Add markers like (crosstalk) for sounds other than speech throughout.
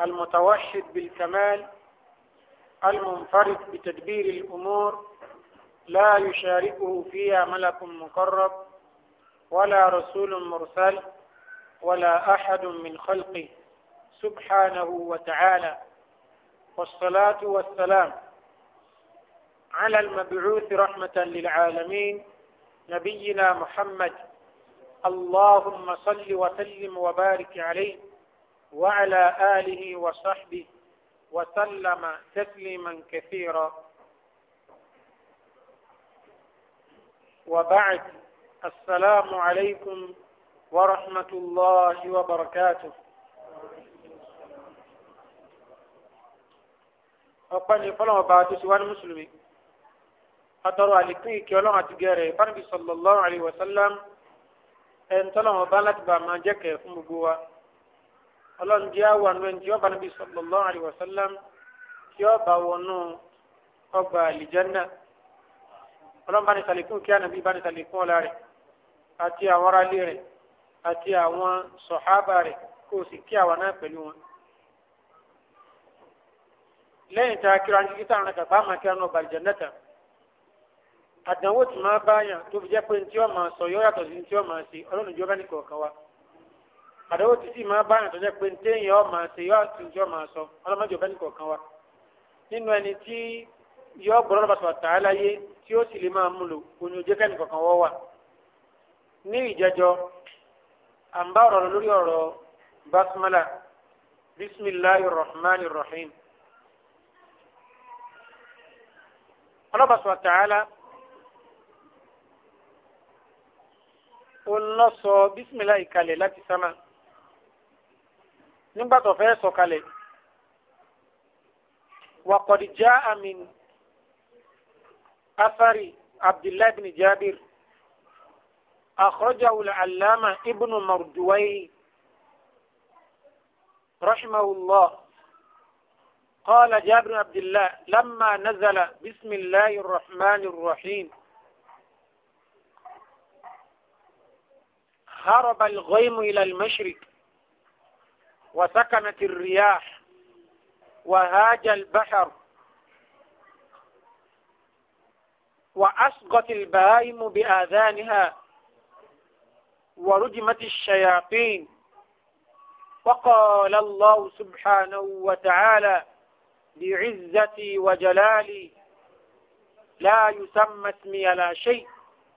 المتوحد بالكمال المنفرد بتدبير الأمور لا يشاركه فيها ملك مقرب ولا رسول مرسل ولا أحد من خلقه سبحانه وتعالى والصلاة والسلام على المبعوث رحمة للعالمين نبينا محمد اللهم صل وسلم وبارك عليه وعلى آله وصحبه وسلم تسليما كثيرا وبعد السلام عليكم ورحمة الله وبركاته ọpẹni fọlọmọ bá tó ṣe wá ní mùsùlùmí atọrọ àlékún ìkẹ́ Ọlọ́run àti gẹrẹ fanabi sallallahu alaihi wasallam ẹn tọlọmọ bá láti bá máa jẹkẹ fún gbogbo wa ọlọ́run jẹ́ àwọn àwọn ẹni tí ọba níbi sallallahu alaihi wasallam tí ọba wọnú ọgbà àlìjánná ọlọ́run bá ní sàlékún kí ànàbí bá ní sàlékún ọ̀la rẹ̀ àti àwọn aráalé rẹ̀ àti àwọn sọ̀hábà rẹ̀ kó o sì kí àwa náà pẹ̀lú wọn. lẹ́yìn tá a kíra ní kíkítà àwọn kàbá máa kíra náà ọgbà àlìjánná tán àdánwò tí máa bá yàn tó fi jẹ́ pé ní tí wọ́n àdánwò títí máa bá àyàn tó jẹ́ pé téèyàn ọ̀ máa ṣe yọ àti ìjọ máa sọ ọlọ́mọdé ọ̀bẹ ní kọ̀ọ̀kan wa nínú ẹni tí yọ gbọ́dọ̀ lọ́ba sọ̀rọ̀ tàá láyé tí ó sì lè máa mú lò oyún ojú kẹ́ni kọ̀ọ̀kan wọ́ wà. ní ìjẹjọ à ń bá ọ̀rọ̀ lọ lórí ọ̀rọ̀ basmala bisimilahi rahman rahim ọlọ́ba sọ̀rọ̀ tàá lá ó ń lọ sọ bisimilahi kalẹ̀ láti sámà. nígbà tó fẹ́ sọ̀kalẹ̀ وقد جاء من أثر عبد الله بن جابر أخرجه العلامة ابن مردويه رحمه الله قال جابر بن عبد الله لما نزل بسم الله الرحمن الرحيم هرب الغيم إلى المشرق وسكنت الرياح وهاج البحر وأسقط البهائم بآذانها ورجمت الشياطين وقال الله سبحانه وتعالى بعزتي وجلالي لا يسمى اسمي لا شيء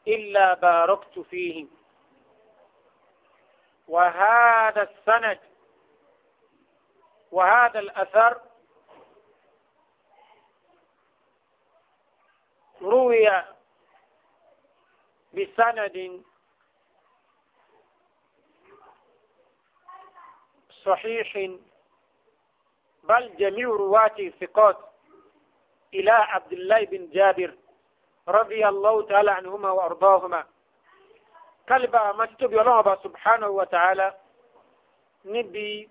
إلا باركت فيهم وهذا السند وهذا الأثر روي بسند صحيح بل جميع رواته ثقات إلى عبد الله بن جابر رضي الله تعالى عنهما وأرضاهما كلبا مكتوب الله سبحانه وتعالى نبي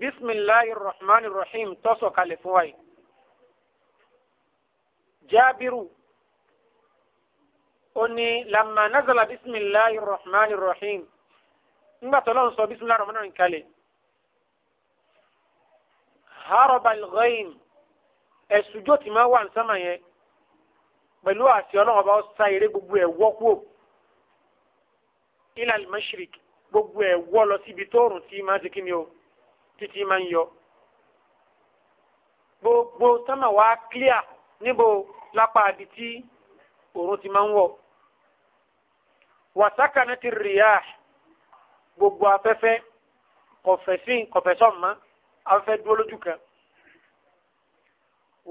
bisimilahi rahman rahim tó sọ̀kalẹ̀ fún wa yìí jaabiru ó ní lamma nazala bisimilahi rahman rahim ńgbà tó lọ́n sọ bisimilahi rahman rahim kalẹ̀ harabal ghaim ẹ̀sùjó tí máa wà ní sámà yẹn pẹ̀lú àti ọlọ́run ọba ọ̀sá eré gbogbo ẹ̀ wọ́pọ̀ ilal mashrik gbogbo ẹ̀ wọ́ lọ síbi tóòrùn tí máa ti kí ni o títí máa ń yọ gbogbo sámà wá clear níbo lápá àbí tí òòrùn ti máa ń wọ̀ wàsákà náà ti rìyà gbogbo afẹ́fẹ́ kọfẹsìn kọfẹsọ mọ afẹ́fẹ́ dúró lójú kan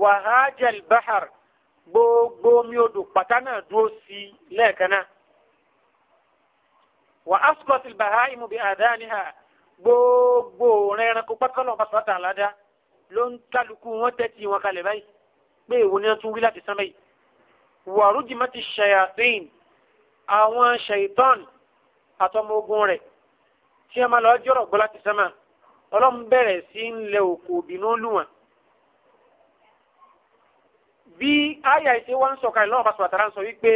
wàhájẹl bahar gbogbo omi odò pátá náà dúró sí lẹ́ẹ̀kan náà wà asukọsí bahaimu bi àdáni ha gbogbo òrìn ẹranko pákánlọ̀ bá sọ́tà àládá ló ń kálukú wọn tẹ́tí wọn kalẹ̀ báyìí pé èwo ni wọ́n tún wí láti sánmà yìí. wàrúdì má ti ṣayatin àwọn ṣèyítọ́n àtọmọ ogun rẹ̀ tí a máa lọ jọ̀rọ̀ gbọ́ láti sánmà ọlọ́run bẹ̀rẹ̀ sí ń lẹ òkò òbínú lù bí àyà ìṣe wa ń sọ̀kalẹ̀ lọ́wọ́ bá sọ̀rọ̀ àtàrà ń sọ wípé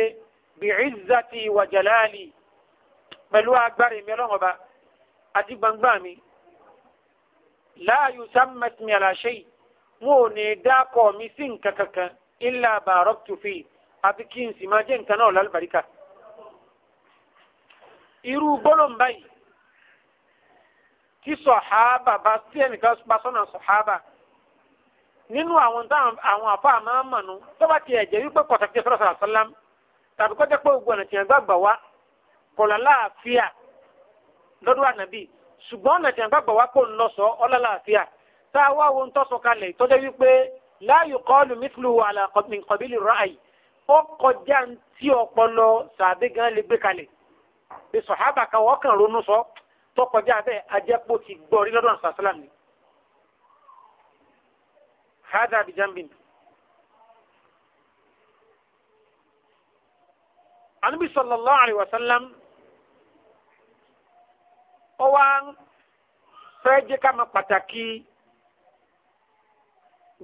bi'izzati wa jalali pẹ̀lú agbára ìmí àti gbangba mi láàyò sàmẹ́tìmí àlàṣẹ yìí wọn ò ní dákọ̀ mi sí nǹkan kankan ńlá bàrọ́kùtù fi àfi kí n sì máa jẹ́ nǹkan náà lálùbáríkà irú gbólóhùn báyìí tí sọ̀háábà bá tí ẹnìkan bá sọ́nà sọ̀háábà nínú àwọn táwọn àwọn àfa àmọ́ mọ̀nù tó bá ti ẹ̀jẹ̀ wípé pàtàkì sọ̀rọ̀ sọ̀rọ̀ sọ́lám tàbí kọ́jọ́ pé ogun ọ̀nà tìǹbà gbà wá kọ̀lá láàfíà lọ́dọ̀ ànábì ṣùgbọ́n ọ̀nà tí a bá gbà wá kó ń lọ sọ ọlọ́láàfíà tá a wá wo ń tọ́sọ kalẹ̀ tó jẹ́ wípé láàyò kọ́ọ̀lù mithlu àlà kọ̀bílì ra'ayi ó kọjá tí ọpọlọ sàbí gan lè gbé kalẹ̀ bí sọ̀hábà kan wọ́n kàn ronú sọ tó kọjá bẹ́ẹ̀ ajẹ́pọ̀ ti gbọ́ rí lọ́dọ̀ sàṣálàm ni. hada bijambin. anubi sallallahu alayhi wa sallam ó wá ń fẹ́ jẹ́ ká mọ pàtàkì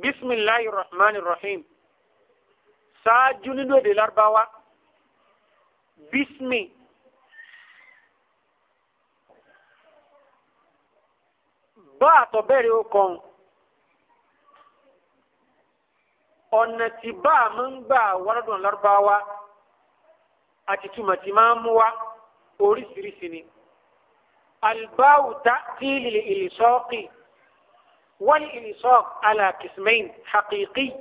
bisimilahi rahman rahim ṣáájú nínú èdè lárúbáwá bisimi bá àtọ̀bẹ̀rẹ̀ ọkàn ọ̀nà tí bá a máa ń gbà wárọ̀dùn lárúbáwá àti túmọ̀ tí máa ń mú wá oríṣiríṣi ni. الباء تأتي للإلصاق والإلصاق على قسمين حقيقي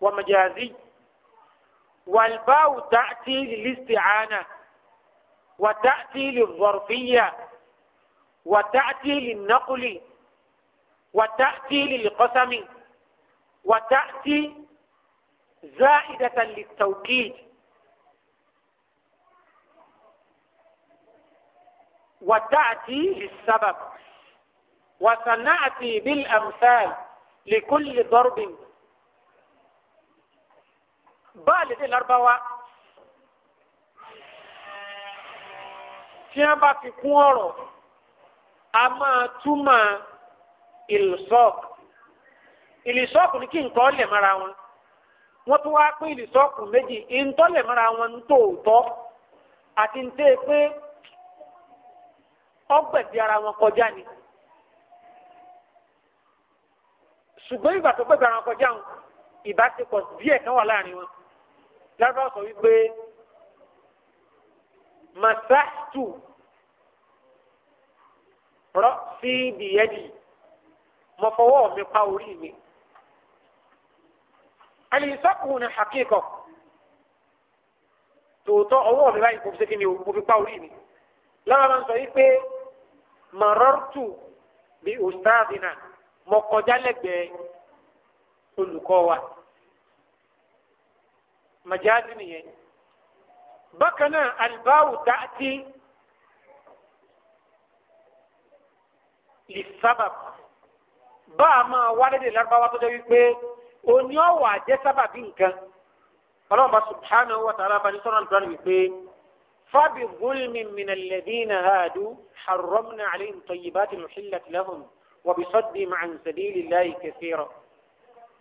ومجازي والباء تأتي للاستعانة وتأتي للظرفية وتأتي للنقل وتأتي للقسم وتأتي زائدة للتوكيد وتأتي للسبب وسنأتي بالأمثال لكل ضرب báàlì dé lárúbáwá tí wọn bá fi kún ọ̀rọ̀ a máa túmọ̀ ìlùsọọk ìlùsọọk ní kí nǹkan lè mara wọn wọn tún wáá pín ìlùsọọk méjì ìǹtọ́ lè mara wọn nítòótọ́ àti ń tẹ́ pé ọgbẹ̀dì ara wọn kọjá ni ṣùgbọ́n ìgbà tó gbẹ̀dì ara wọn kọjá wọn ìbáṣepọ̀ díẹ̀ kan wà láàrin wọn lárúbáwọ̀ sọ wípé masahtu rọ sí bìyẹ́dì mo fọwọ́ mi pa orí mi alìsọ́kùn ní tòótọ́ ọwọ́ mi báyìí kò fi ṣe kí ni mo fi pa orí mi lọ́wọ́ máa ń marortu bi ustaadina mo kọjá lẹ́gbẹ̀ẹ́ olùkọ́ wa majazi nìyẹn bákan náà alibáwù dàtí lisabab bá a máa wálé de larabawa tó dé wípé oní ọwọ àjẹsábàbí nǹkan ọlọ́run bá wa ta'ala bá ní sọ́nà àlùbáwò فبظلم من الذين هادوا حرمنا عليهم طيبات محلت لهم وبصدهم عن سبيل الله كثيرا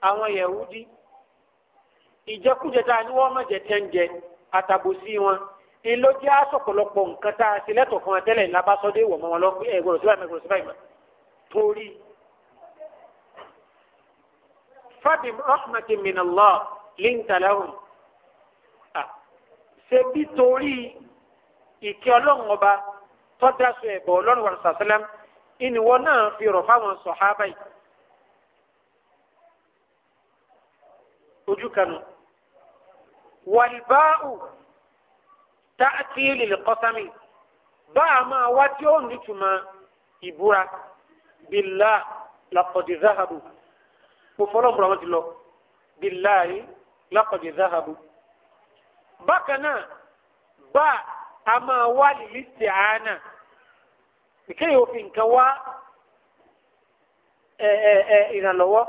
أما يهودي ìjẹkújẹ tá a ní wọn mọjẹ tẹ ń jẹ àtàbòsí wọn ìlò jẹ àsọpọlọpọ nǹkan tá a ti lẹtọ fún wa tẹ́lẹ̀ labasọdé wọ mọ wọn lọ pé ẹgbọrọ síbáyìí mẹgbọrọ síbáyìí mọ torí. fabim rahmatin minallah lintalahum ṣe bí torí ìkẹ́ ọlọ́run ọba tọ́jà sọ ẹ̀bọ̀ ọlọ́run wa sàṣẹlẹ̀m ìníwọ náà fi rọ̀ fáwọn sọ̀hábà yìí. ojú kanu wàlbáù táàtì lil qasami bá a máa wá tí ó nítumọ̀ ìbúra bìlá laqad zahabu kò fọlọ́ bùrọ̀ wọn ti lọ bìlá yìí laqad zahabu bákan náà bá a máa wá lìlí sí àánà ìkéyìí òfin nǹkan wá ìrànlọ́wọ́.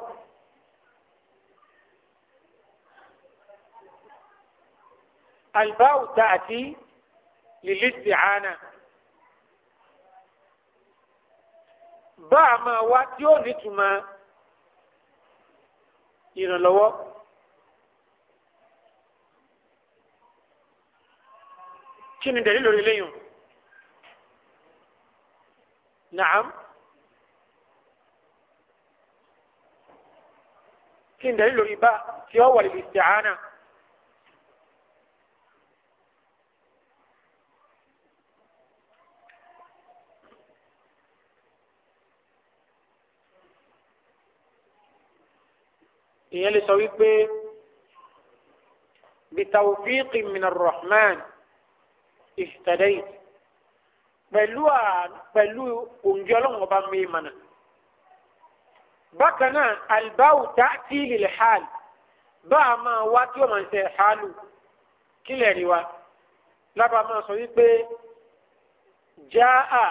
الباء تأتي للاستعانة باء ما واتيو نتما إلى لو kí ni dẹ̀lí lórí eléyìí naam kí ni dẹ̀lí lórí bá tí ó wà lè isti'ana. ìyẹn lè sọ wípé bitawfiqi min rahman ihtadayt pẹ̀lú pẹ̀lú òǹjẹ ọlọ́run ọba mi mànà bákan náà alibáwù ta'ti lil hal bá a máa wá tí ó máa ń ṣe hàlù kílẹ̀ rí wa lábàá máa sọ wípé jáà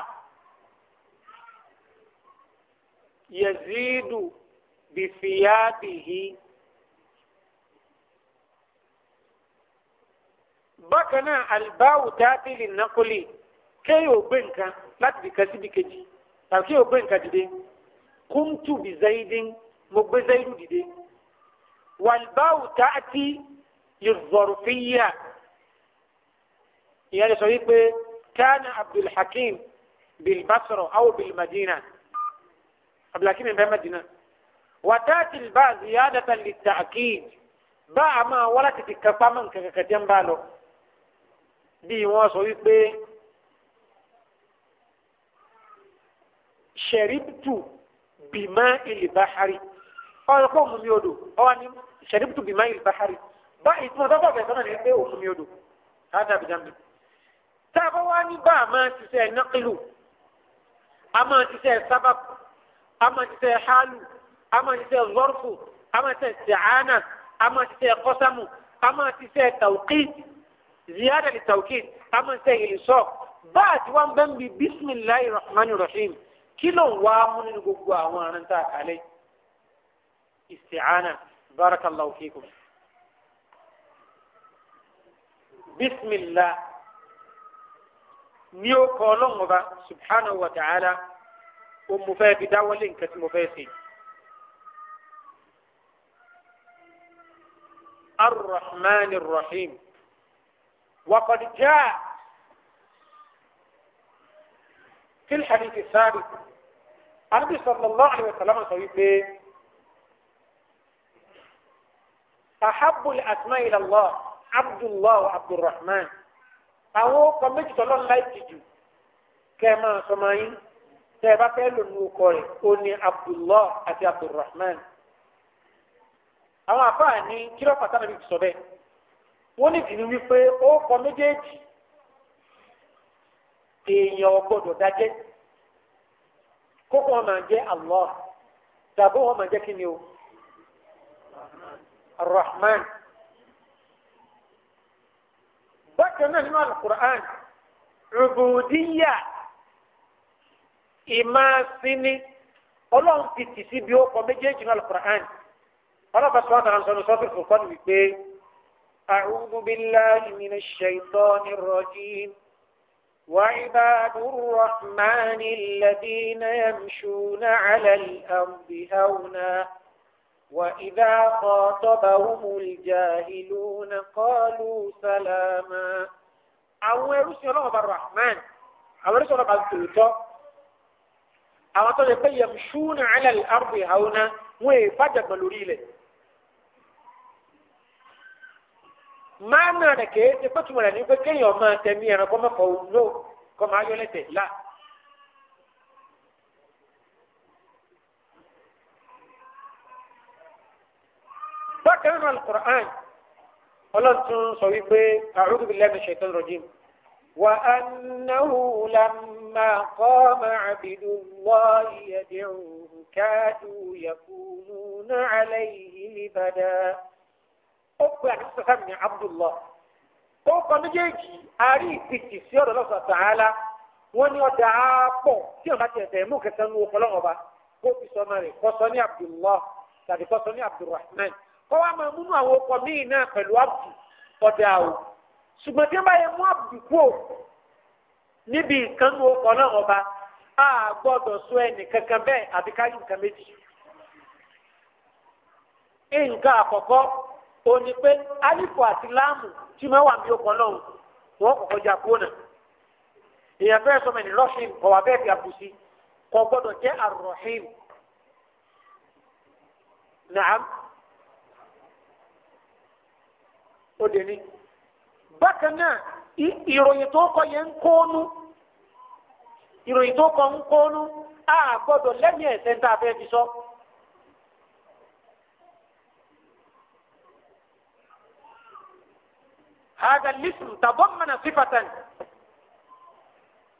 yazidu bifiyabihi. bákan náà alibáwù dáàbìlì nàkólì kéèyàn ò gbé nǹkan láti bìkan síbi kejì tàbí kéèyàn ò gbé nǹkan dìde kúntù bí zayidin mo gbé zayidu dìde walibáwù dáàtì yorùbọ̀rùfìyà ìyá lè sọ wípé kánà abdulhakeem bilbasoro awo bilmadina abdulhakeem bẹ́ẹ̀ madina wàtáàtì bá ziyadatan litaakid bá a máa wọ́n láti ti kápá mọ́ nǹkan kankan jẹ́ ń bá lọ. bí wọ́n sọ wípé ṣẹ̀ríbùtù bìmá ìlìbáhárì ọ̀rọ̀ pé òmùmí odò ọwọ́ ni ṣẹ̀ríbùtù bìmá ìlìbáhárì bá ìtumọ̀ sọ́nà pé odò ádàbí tá a wá ní bá a máa a máa a máa hálù a máa a máa a máa ziyada li tawkid ama se ilisok bá ti wá ń bẹ́ ń bi bisimilahi rahman rahim kí ló ń wá mú nínú gbogbo àwọn àrùn tá a kàlẹ́ isti'ana barakallahu fikum bisimilah ní o kọ́ ọlọ́run ọba subhanahu wa ta'ala o mo fẹ́ bi dáwọ́lé nǹkan tí mo fẹ́ ṣe. ar-rahman ar-rahim. وقد جاء في الحديث السابق النبي صلى الله عليه وسلم قال أحب الأسماء إلى الله عبد الله وعبد الرحمن أو كم تقول لا تجو كما سمعين تبا فعل نوكوري أني عبد الله أتي عبد الرحمن أما فأني كيلو فتانا بيك wọ́n ní ìdí wípé ó kọ méjèèjì èèyàn gbọ́dọ̀ dájẹ́ kókó wọn máa jẹ́ Allah tàbí wọn máa jẹ́ kí ni o Rahman bákan náà nínú alukur'an rubudiya ìmáàsíní ọlọ́run ti tì sí bí ó kọ méjèèjì nínú alukur'an ọlọ́run bá sọ wọn tàbí sọ ní sọ́tún fún kọ́ni wípé. أعوذ بالله من الشيطان الرجيم وعباد الرحمن الذين يمشون على الأرض هونا وإذا خاطبهم الجاهلون قالوا سلاما àwọn ẹrú sí ọlọ́wọ́ bá rahman àwọn ẹrú sí ọlọ́wọ́ bá tòótọ́ àwọn tó lè pẹ́ yẹm ṣúnà alẹ́ àrùbí haúná wọn èèfà jàgbọ́n lórí ilẹ̀. maana rẹ̀ kèé ti pé tuma rẹ̀ ní pé kéèyàn máa tẹ̀mí ẹran kọ́ mẹ́fọ̀ ló kọ́ máa yọ lẹ́tẹ̀ la. bákan náà alukur'an ọlọ́tún sọ wípé a'udhu billahi minash shaitanir rajim. وأنه لما قام عبد الله يدعوه كادوا يكونون عليه لبدا ó pe àti sọ́sá Abdullah ó méjèèjì àárí ìpìtì sí ọ̀dọ̀ lọ́sọ̀ tààlà wọn ni ọjà á tí ọ̀nà tiẹ̀ tẹ̀ mú kẹsàn-án ní ọkọ̀ kó fi sọ ọmọ rẹ̀ kọ́ ní Abdullah tàbí kọ́ ní Abdulrahman kọ́ wa máa múnú àwọn ọkọ̀ míì náà pẹ̀lú Abdu o ṣùgbọ́n tí a gbọ́dọ̀ sọ ẹnì kankan bẹ́ẹ̀ àbíkáyọ̀ nǹkan méjì òní pé alifu àti láàmù tí mẹ́wàá àmì ọkọ̀ náà wọ́n kọ̀kọ́ jà kó èèyàn fẹ́ sọmọ ní rọ́ṣìn ọ̀wà bẹ́ẹ̀ fi àbùsí kò nàám ó dé ní. bákan náà ìròyìn kọ yẹn ń kọ ń a gbọ́dọ̀ lẹ́yìn ń sọ. هذا الاسم تضمن صفة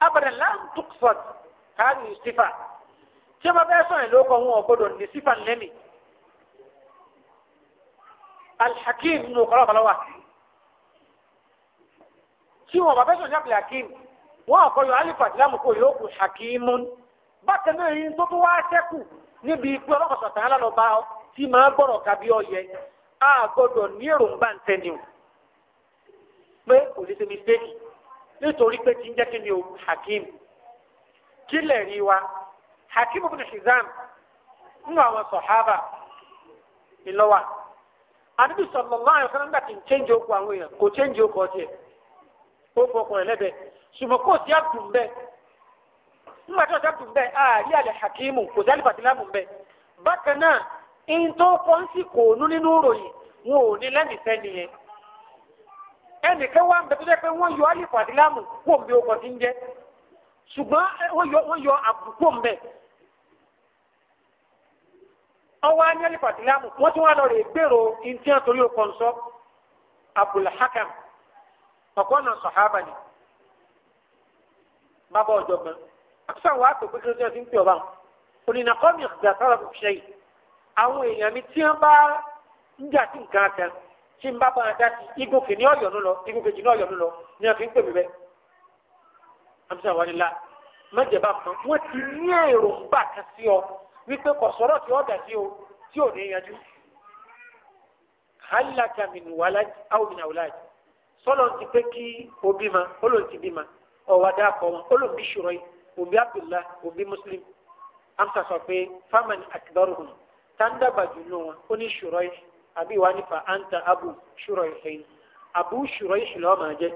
أبدا لم تقصد هذه الصفة كما بيسون لوكو هو بدون لصفة لمي الحكيم نو قرأ بلوه tí wọn bàbá sọ̀rọ̀ jábìlì hakim wọn àkọyọ alifa ìlàmù kò yóò kù hakimun bákan náà yìí tó tó wá sẹ́kù níbi ikú ọlọ́kọ̀sọ̀tàn alálọ́ba tí máa gbọ́rọ̀ kábí ọyẹ a gbọ́dọ̀ ní èròǹgbà ń tẹ́ni o pé kò ní ṣe mistake nítorí pé ti ń jẹ́ kí ni o hakim kí lè rí wa hakim ibn hizam nínú àwọn sọ̀hábà ìlọ́wà àdúgbò sallallahu alaihi wasallam nígbà tí ń change okò àwọn èèyàn kò change okò ọtí ẹ̀ ó fọkàn ẹlẹ́bẹ̀ ṣùgbọ́n kò sí àdùn bẹ́ẹ̀ nígbà tí ọ̀sẹ̀ àdùn bẹ́ẹ̀ àárí àlẹ́ hakimu kò sí àlìfàtí láàmú bẹ́ẹ̀ bákan náà ń tó kọ́ ń sì kò nú nínú ròyìn wọn ò ní lẹ́nìí ẹnìkan wà ń bẹ tó jẹ́ pé wọ́n yọ alifu àti láàmù kó ń bẹ ọkọ̀ tí ń jẹ́ ṣùgbọ́n wọ́n yọ àbùkù ń bẹ ọwọ́ ní alifu àti láàmù wọ́n tún wà lọ rè gbèrò ìntìyàn torí ọkọ̀ ń sọ Abul Hakam ọ̀kọ́ náà ni bàbá ọ̀jọ̀gbọ́n àtúnṣe àwọn àpò pé kí ló ti ń pè ọba onínàkọ́mì ìgbà sára kò ṣe yìí àwọn èèyàn mi tí wọ́n bá ń jà sí nǹkan kan tí n bá bá a dá sí igun kìíní ọ̀yọ́nú lọ igun kejì ní ọ̀yọ́nú lọ ni wọ́n fi ń pè mí bẹ́ẹ̀. amúsà wà nílá mẹ́jẹ̀bá kan wọ́n ti ní èròǹgbà kan sí ọ wípé kò sọ̀rọ̀ tí ó dà sí o tí ò ní yanjú. hálàkà min walad aw min awlad sọ́lọ́ ti pé kí òbí ma olóò ti bí ma ọ̀wá dá kọ́ wọn olóò bí ṣùrọ̀ yìí òbí abdullah òbí muslim amúsà sọ pé fámánì àkìdọ́rùn-ún dàgbà jù lọ wọn ó ní ṣùrọ̀ yìí àbí ìwà nípa anta abu ṣùrọ̀ ìfẹ́ abu ṣùrọ̀ ìṣìlọ́ máa jẹ́.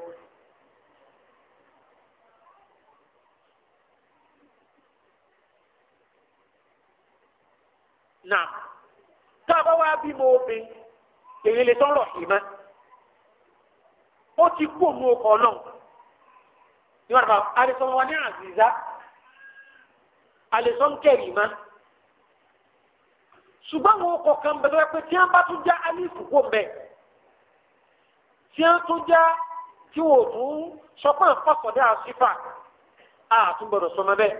náà tá a bá wá bímọ obìnrin èyí lè tọrọ ìmọ̀ ó ti kú òun ọkọ̀ náà níwọ̀n àbá alẹ́sọ̀rọ̀ wa ní àzìzá alẹ́sọ̀rọ̀ kẹrìmá ṣùgbọ́n àwọn ọkọ̀ kan bẹ̀ lọ́wọ́ pé tí wọ́n bá tún já alifu kó bẹ̀ tí wọ́n tún já tí wọ́n tún sọpọ́n fọ́sọ̀dá àṣìfà àtúbọ̀rọ̀ sọmọ bẹ́ẹ̀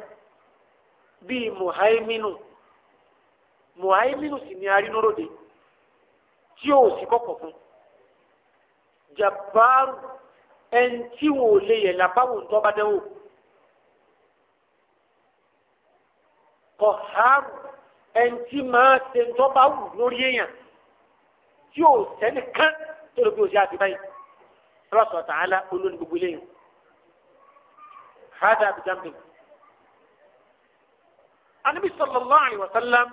bíi muhaiminu muhaiminu sì ni arínúròde tí ó sì kọ́kọ̀ fún jabaru ẹni tí wọn ò lè yẹ̀ làbáwò ń tọ́ dẹ́wò kọ̀hárù ẹnití máa ṣe ń tọ́ba wù lórí èèyàn tí ò sẹ́ni kán tó lè fi òṣìṣẹ́ àti báyìí rọ́ṣọ̀ tààlà olórí gbogbo eléyìí hada abidjanbi. anabi sallallahu alayhi wa sallam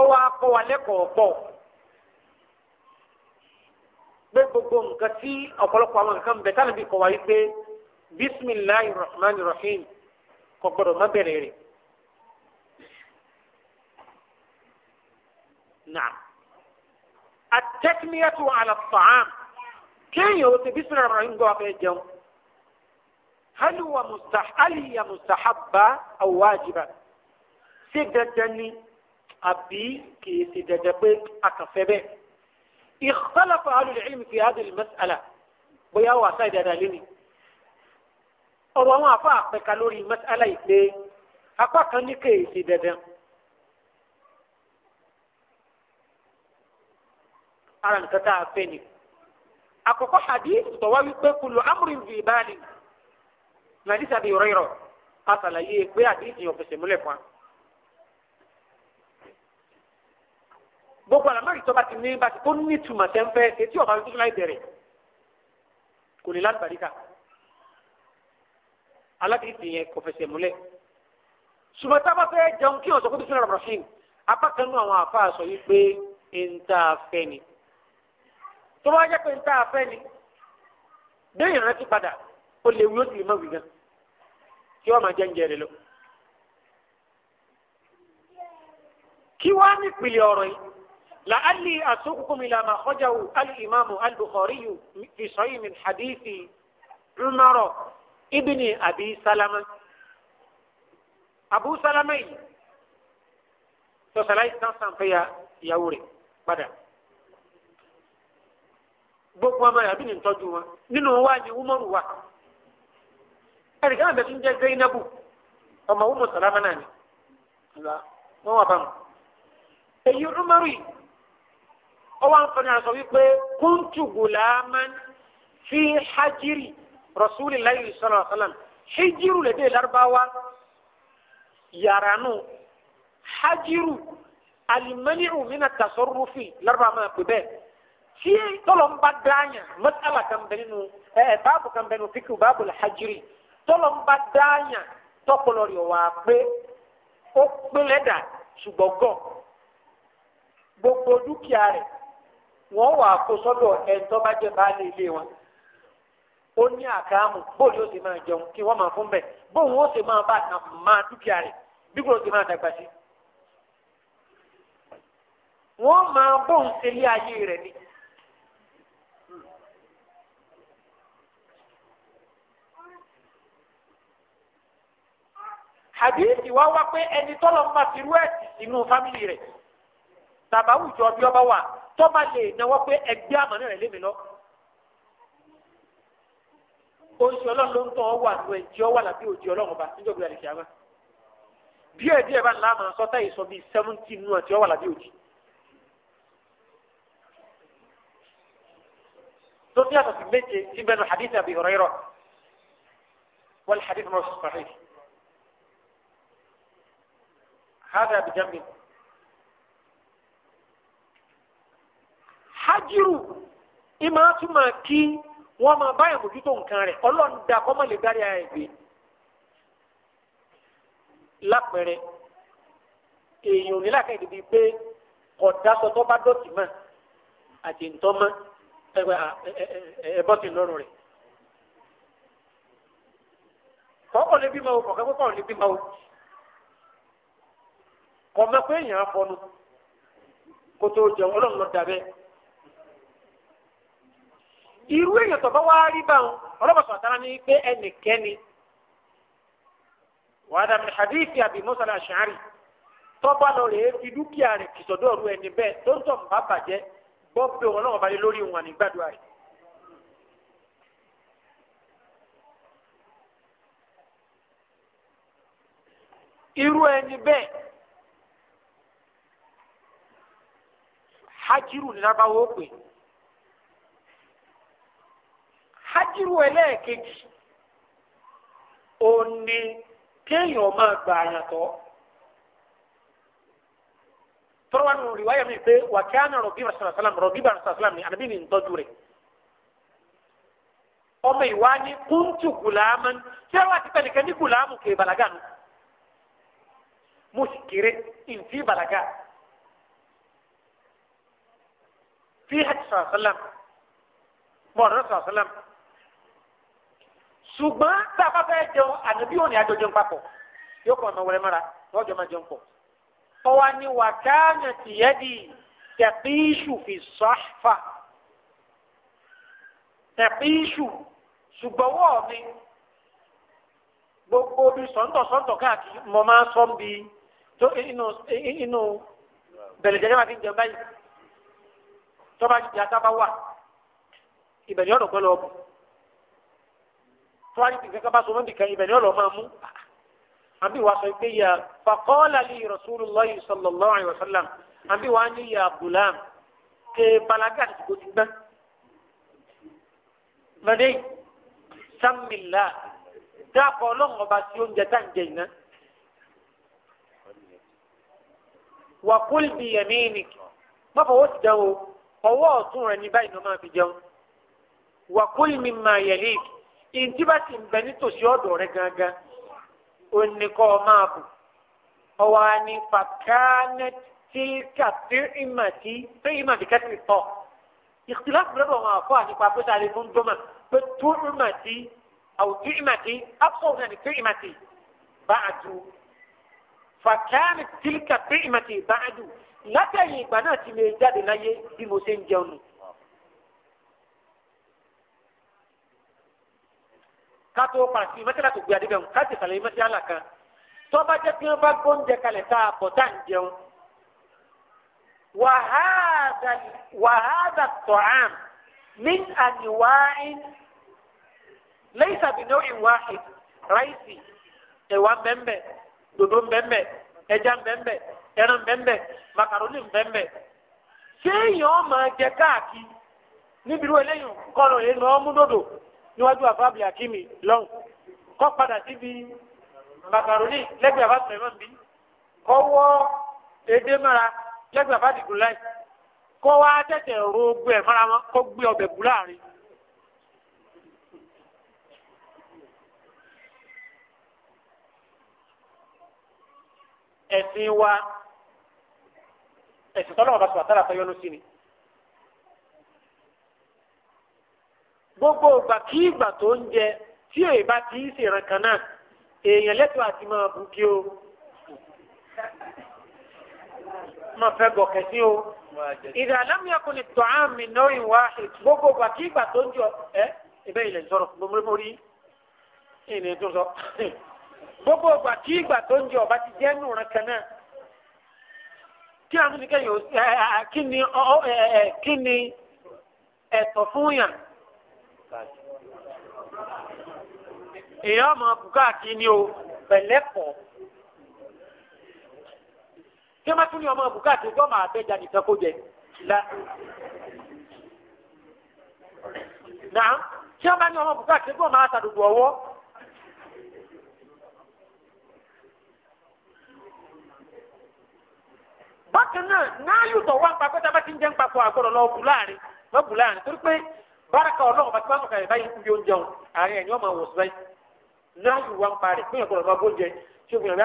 ọwọ́ akọwalẹ̀ kọ̀ọ̀kọ̀ gbé gbogbo nǹkan tí ọ̀pọ̀lọpọ̀ àwọn nǹkan bẹ̀ tánàbí kọ̀wá yìí pé bisimilahi rahman rahim kò gbọdọ̀ má bẹ̀rẹ̀ rẹ̀. نعم التكمية على الطعام كان يوتي بسم الله الرحمن هل هو مستح هل هي مستحبة أو واجبة سيدتني أبي كي سيدتبك أكفبه اختلف أهل العلم في هذه المسألة ويا وسائد دليني أو ما فاق بكالوري مسألة إيه أقوى كان كي سيدتني ara nǹkan tá a fẹ́ ni. àkọ́kọ́ hadith tó wá wípé kullu amrin bíi báàlì nàdísà bíi rírọ̀ a sàlàyé pé hadith yẹn fẹsẹ̀ múlẹ̀ fún wa. gbogbo àlámọ́rin tó bá ti ní bá ti tó ní ìtumọ̀ sẹ́ńfẹ́ etí ọ̀bá tó láì bẹ̀rẹ̀ kò ní lálùbáríkà alákìtì yẹn kò fẹsẹ̀ múlẹ̀ ṣùgbọ́n bá fẹ́ jẹun kí wọ́n sọ pé bísí lọ́rọ̀ rọ̀fìn apá kan nú àwọn àfa sọ yìí pé ń tá fẹ́ ni tó bá jẹ́ pé nta afẹ́ ni déyìn rántí padà ó lè wí ó sì lè má wí gan kí wọ́n máa jẹ́ ń jẹrè lọ. kí wàá ní ìpìlẹ̀ ọ̀rọ̀ yìí la'alli asukukum ila ma khajahu al-imamu al-bukhari fi sahih min hadithi umar ibn abi salama abu salama yìí sọ̀sálà ìsàn sàǹfẹ̀yà ìyàwó rẹ̀ padà gbogbo ọmọ yàrá bí ní ntọ́jú wọn nínú wa ni umaru wa ẹnìkan àgbẹ̀ tó ń jẹ́ zainabu ọmọ umu salama náà ni wọ́n wà bámu èyí umaru yìí ọwọ́ àǹfààní àṣọ wípé kuntu gulaman fi hajiri rasulillahi sallallahu alaihi wasallam hijiru lédè Lárúbáwá yàrá nù hajiru alimaniu mina tasorufi Lárúbáwá máa pè bẹ́ẹ̀. Si tolong ń bá dáàyàn mọ́sálà kan bẹ nínú ẹ báàbù kan bẹ nínú fíkì báàbù làhájírì tọ́lọ̀ ń bá dáàyàn tọ́pọ̀lọ́ rẹ̀ wà pé ó pín lẹ́dà ṣùgbọ́n gàn gbogbo dúkìá rẹ̀ wọ́n wà kó sọ́dọ̀ ẹ̀ńtọ́ bá jẹ́ baálé ilé wọn ó ní àkàámù bóòlù ó sì máa jẹun kí wọ́n máa fún bẹ́ẹ̀ bóòlù ó sì máa bá máa dúkìá rẹ̀ bí kò ó máa dàgbà sí wọ́n máa bóun ṣe lé ayé rẹ̀ ni hadithi wa wá pé ẹni tọ́lọ̀ ń bá ti rú ẹ̀sì sínú fámìlì rẹ̀ tàbáwùjọ bí ọba wà tọ́ba lè náwó pé ẹgbẹ́ àmọ́nà rẹ̀ lémi lọ. oṣù ọlọ́run ló ń tàn ọ́ wà nù ẹ̀jẹ̀ ọ́ wà lábí òjì ọlọ́run ọba níjọ́ gbé àlejò àmà. díẹ̀ díẹ̀ bá ń láàmà sọ́tà ìsọ bíi seventy nù àti ọ́ wà lábí òjì. tó ní àtọ̀sí méje tí bẹnu hadith Abi Hurairah wal hadith mọ́ sọ̀rọ̀ هذا بجنب hajiru ima tuma ki wọn máa báyà mójútó nǹkan rẹ̀ Ọlọ́run da kọ mọ lè dárí ara ẹgbẹ lápẹẹrẹ èèyàn ò ní láàkà ìdìbò pé ọ̀dásọ tó bá dọ̀tí mọ́ àti ntọ́ mọ́ ẹ̀bọ́tì lọ́rùn rẹ̀ kọ́kọ́ lè bímọ o kọ̀kẹ́ kọ́kọ́ lè bímọ o kọmọ pé èèyàn afọnu kótó jẹun ọlọ́run lọ dàbẹ́ irú èèyàn tó bá wá rí báwọn ọlọ́pàá sọ̀rọ̀ tán ní pé ẹnìkẹ́ni wàá dàbí hadithi àbí Musa al-Ash'ari tọ́ba lọ rèé fi dúkìá rẹ̀ kìsọ̀dọ̀ ọ̀rú ẹni bẹ́ẹ̀ tó ń tọ̀ bá bàjẹ́ bọ́ pé òun náà balẹ̀ lórí wọn ní gbàdúrà rẹ̀. irú ẹni bẹ́ẹ̀. hajiru ní lábáwó pè hajiru ẹlẹ́ẹ̀kejì òun ni kéèyàn máa gbà àyàtọ̀ tọ́wọ́n nù rìwáyà mi pé wà kí á nà rọ̀bí bàtà sàlám rọ̀bí bàtà sàlám ni ànábì ní ń tọ́jú rẹ̀ ọmọ ìwá ní kúntù gùlámù tí wọ́n ti pẹ̀lú kẹ́ ní gùlámù kè bàlágà fi hajj sàlám bọ̀dọ̀ sàlám ṣùgbọ́n tá a bá fẹ́ jẹun ànábí òní àjọ jẹun papọ̀ yóò kọ́ ọmọ wẹrẹ mọ́ra wọ́n jọ máa jẹun pọ̀ ọwọ́ ni wà káàmì tìyẹ́dì tẹ̀píṣù fi sọ́fà tẹ̀píṣù ṣùgbọ́n wọ́ọ̀ mi gbogbo bí sọ̀ńtọ̀sọ̀ńtọ̀ káàkiri mo máa sọ́ bí inú bẹ̀lẹ̀jẹ̀jẹ̀ máa fi ń jẹun báyìí tọ́ba jìjà sábà wà ibẹ̀ ni ọ̀dọ̀ pẹ́ lọ bù tọ́ba jìjà sábà sọ mọ́bì kan ibẹ̀ ni ọ̀dọ̀ máa mú àbí wàá sọ pé yà faqala li rasulullahi sallallahu alaihi wasallam àbí wàá ní yà gulam ké balaga àti kò ti gbẹ́ lọ́dẹ sàmìlà dáàbọ̀ ọlọ́run ọba tí oúnjẹ tá ń jẹ iná wàkúlì bìyẹ̀mí nìkì mọ́fọ̀wọ́ ti ọwọ́ ọ̀tún rẹ ní báyìí ló máa fi jẹun wà kúlì mi máa yẹlé ìntí bá ti ń bẹ nítòsí ọ̀dọ̀ rẹ gangan ó ní kọ́ ọ máa bù ọwọ́ á ní fàkánẹ́ tí kàtí ìmà tí pé ìmà tí kẹ́tì tọ̀ ìtìláfù lọ́dọ̀ wọn àfọ́ ànípa pé sáré fún dọ́mà pé tó ìmà tí àwùjọ ìmà tí ápùsọ̀ náà ní tó ìmà tí bá a dùn fàkánẹ́ tí kàtí ìmà tí bá a dùn látẹ̀yìn ìgbà náà ti lè jáde láyé bí mo ṣe ń jẹun nù. ká tó pàṣẹ mẹ́tẹ́lá tó gbé adigun ká ti sàlẹ̀ mẹ́tẹ́lá kan tọ́ba jẹ́ kí wọ́n bá gbóúnjẹ kalẹ̀ tá a bọ̀ tá à ń jẹun. wàhálà tọ̀ám min àníwáín lẹ́yìn sàbìnú ìwà ráìsì ẹ̀wà mbẹ́mbẹ́ dòdò mbẹ́mbẹ́ ẹja mbẹ́mbẹ́ ẹran bẹ́ẹ̀nbẹ́ makaroni bẹ́ẹ̀nbẹ́ ṣé èèyàn máa jẹ káàkiri níbi irú eléyìí kọ́nà èèyàn máa mú dòdò níwájú àfáàbì akimi lọ́hùn kọ́ padà síbi makaroni lẹ́gbẹ̀ẹ́ àbá sọ̀rọ̀ bí kọ́ wọ́ edé mara lẹ́gbẹ̀ẹ́ àbá dìgbò láì kọ́ wá tẹ̀tẹ̀ ro gbé ẹ̀ fara mọ́ kó gbé ọbẹ̀ bù láàrin. ẹ̀sìn wa ẹ̀sìn tọ́lọ́wọ́ bá sọ̀rọ̀ tára fẹ́ yọnu sí ni. gbogbo ìgbà kí ìgbà tó ń jẹ tí èyí bá ti í ṣèràn kan náà èèyàn lẹ́tọ̀ọ́ àti máa bù kí o máa fẹ́ gọ̀kẹ́ sí o ìdá alámìyà kò lè tọ́ àmì náà ìwà gbogbo ìgbà kí ìgbà tó ń jọ ẹ ìbẹ́ ilẹ̀ sọ̀rọ̀ gbogbo rí ìrìn tó sọ (laughs) gbogbo ìgbà kí ìgbà tó ń jọ ọba ti jẹ́ nù ràn kan náà kí àwọn ní kẹyìn kí ni kí ni ẹ̀tọ́ fún yàn èèyàn ọmọ bùkátì ni o pẹ̀lẹ́pọ̀ kí wọ́n tún ní ọmọ bùkátì tó máa bẹ́ jáde tán kó jẹ la náà kí wọ́n bá ní ọmọ bùkátì tó máa tàdùdù ọwọ́. bákan náà náà yóò wá papọ̀ tá a bá ti ń jẹun papọ̀ àgbọ̀dọ̀ lọ bù láàrin lọ ma láàrin torí pé báraka ọlọ́run bá ti wọ́n kàyẹ̀ báyìí kú bí àárín ẹ̀ ni wọ́n máa wọ̀ tí bá ìbá àkọ́kọ́ bẹ̀ jẹ ṣùgbọ́n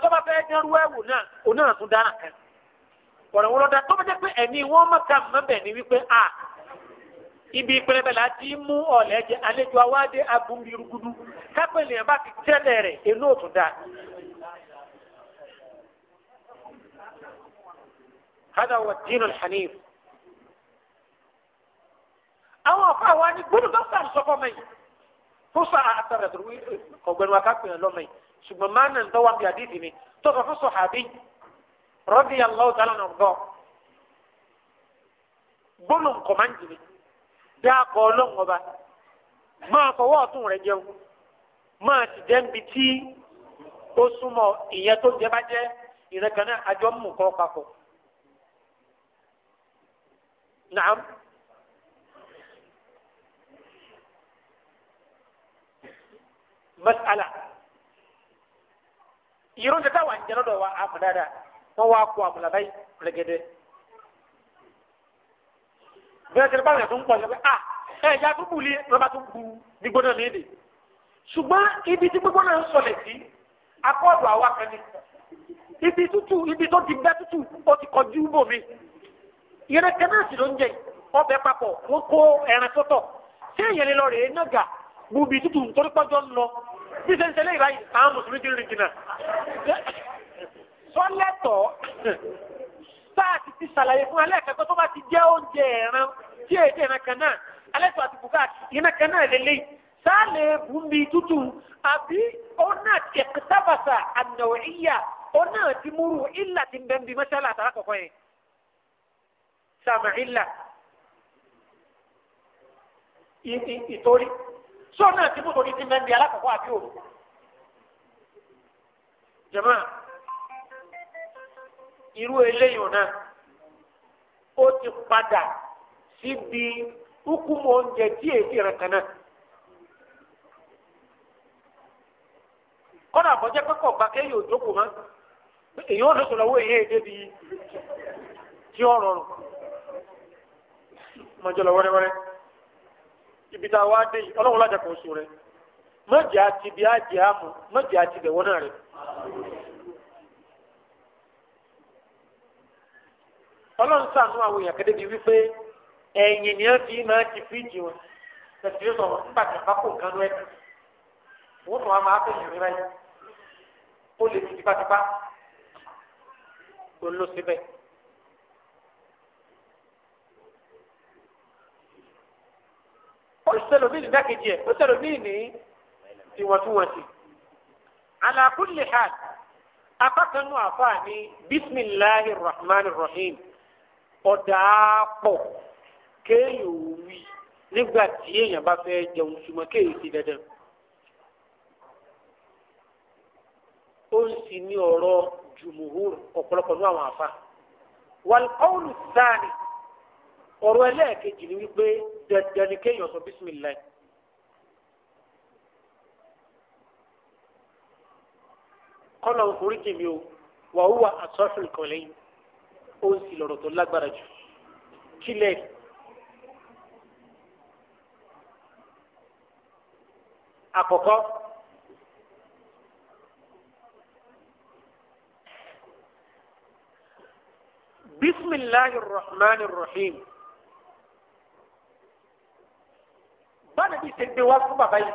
tó bá ẹ̀wù náà ibi pẹlẹbẹ la ti mú ọlẹ jẹ àlejò awáde agbóhùnbírugudu kápẹ́lì yẹn bá ti tẹ́lẹ̀ rẹ̀ èlò òtún dá. hada wa diinu alhanif. àwọn ọ̀fọ̀ àwa ni gbọ́dọ̀ dọ́kítà sọ́kọ́ mẹ́yìn fún sọ àtàrẹ̀ tó wí ọ̀gbẹ́ni wa kápẹ́ yẹn lọ́mẹ́yìn ṣùgbọ́n máa nà ń tọ́wọ́ àbí àdìdì ni tó sọ fún sọ̀hábí radiyallahu ta'ala anhu gbọ́ gbọ́dọ̀ nkọ̀má ń jìnnì. dáàkọ ọba máa fọwọ́ ọ̀tún rẹ jẹun máa sì jẹ́ níbi tí ó súnmọ́ ìyẹn tó jẹ bá jẹ́ náà Mas'ala. lọ́dọ̀ wa wọ́n bẹ́ẹ̀ tẹ́lẹ̀ báwọn ẹ̀sùn ń pọ̀ lọ́pẹ́ à ẹ̀yà tó bù lé lọ́ba tó bu gbígbóná mi dè ṣùgbọ́n ibi tí gbígbóná ń sọlẹ̀ sí akọ́ọ̀dù àwa kan ni ibi tútù ibi tó ti bẹ́ tútù ó ti kọjú bò mí ìrẹsẹ̀ náà sì ló ń jẹ ọbẹ̀ papọ̀ wọ́n kó ẹran tó tọ̀ ṣé èèyàn lè lọ rèé nàgà gbùbì tútù nítorí pọ́jọ́ ń lọ bí sẹ́ńsẹ́lẹ̀ ìbáyìí àwọn mùsùlùmí ti rìn jìnnà sọ́lẹ̀tọ̀ tá a ti ti ṣàlàyé fún alẹ́kẹ̀kọ́ tó bá ti jẹ́ oúnjẹ ẹ̀ràn tí èdè ẹ̀ràn kan náà alẹ́kọ̀ọ́ àti bùkátì ìran kan náà lélẹ́yìn sáàlẹ̀ bùnmi tútù àbí ọ̀nà ẹ̀kẹ́tàbàṣà ànàwẹ̀ẹ́yà ọ̀nà ti múrù ìlà ti bẹ̀ ń bi mọ́ṣálà àtàrà kọ̀kọ́ yẹn sàmà ìlà ìtorí sọ̀nà ti múrù ìlà ti bẹ̀ ń bi alákọ̀kọ́ àbí òru jẹ̀máà. irú eléyìí náà ó ti padà síbi hukumu oúnjẹ tí èsì rẹ̀ kan náà. kọ́nà àbọ̀jẹ́ pé kọ̀ọ̀bá kéèyàn ò jókòó mọ́ èyí ó lọ́sọ̀rọ̀ owó èyí èdè bíi tí ó rọrùn wẹ́rẹ́wẹ́rẹ́ ibi tá a wá dé yìí ọlọ́run lájà kan oṣù rẹ̀ mọ̀jẹ̀ àti ibi àjẹ́ mọ̀jẹ̀ àti náà rẹ̀. ọlọ́run sànú àwọn èèyàn kẹ́dẹ́bí wípé ẹ̀yìn ni wọ́n fi máa ti fíjì wọn tẹ̀sí yóò sọ̀rọ̀ nígbà tí àbá kò nǹkan lọ ẹ̀dùn wọ́n tún wọn máa fẹ́ yìnrìn báyìí ó lè ti tipátipá ló ń lọ síbẹ̀. òṣìṣẹ́ lómìnì dákejì ẹ̀ òṣìṣẹ́ lómìnì tiwọ̀ntúnwọ̀ntì ala kulli hal apá kan nù àfáà ní bismillahir rahmanir rahim ọ̀dà pọ̀ kéèyàn ò wí nígbà tí èèyàn bá fẹ́ jẹun súnmọ́ kéèyàn sí dandan. ó ń sì ní ọ̀rọ̀ jùmùhúr ọ̀pọ̀lọpọ̀ ní àwọn àfa. wàlúkọ́ọ̀lù sáàni ọ̀rọ̀ ẹlẹ́ẹ̀kejì ni wípé dandan ni kéèyàn sọ bísímìláì. kọ́nà orí kìmí o wàhùwà àtọ́fìlì kan lẹ́yìn ó ń sì lọ̀rọ̀ tó lágbára jù kílẹ̀ àkọ́kọ́ bisimilahi rahman rahim báyìí bí ṣe gbé wá fún bàbá yìí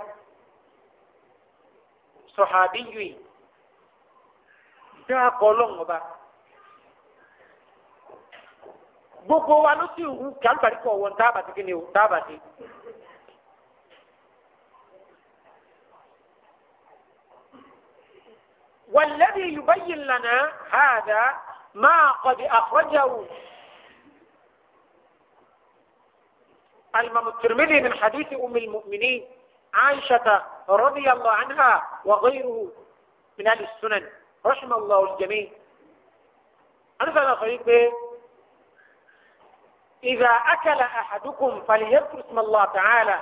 sọ̀hábí yìí dáa kọ́ ọlọ́run ọba gbogbo wa ló ti ń kí alùpàdékọ̀ wọn táàbà ti kíni o táàbà ti. والذي يبين لنا هذا ما قد أخرجه الإمام الترمذي من حديث أم المؤمنين عائشة رضي الله عنها وغيره من أهل السنن رحم الله الجميع. أنا فأنا صحيح إذا أكل أحدكم فليذكر اسم الله تعالى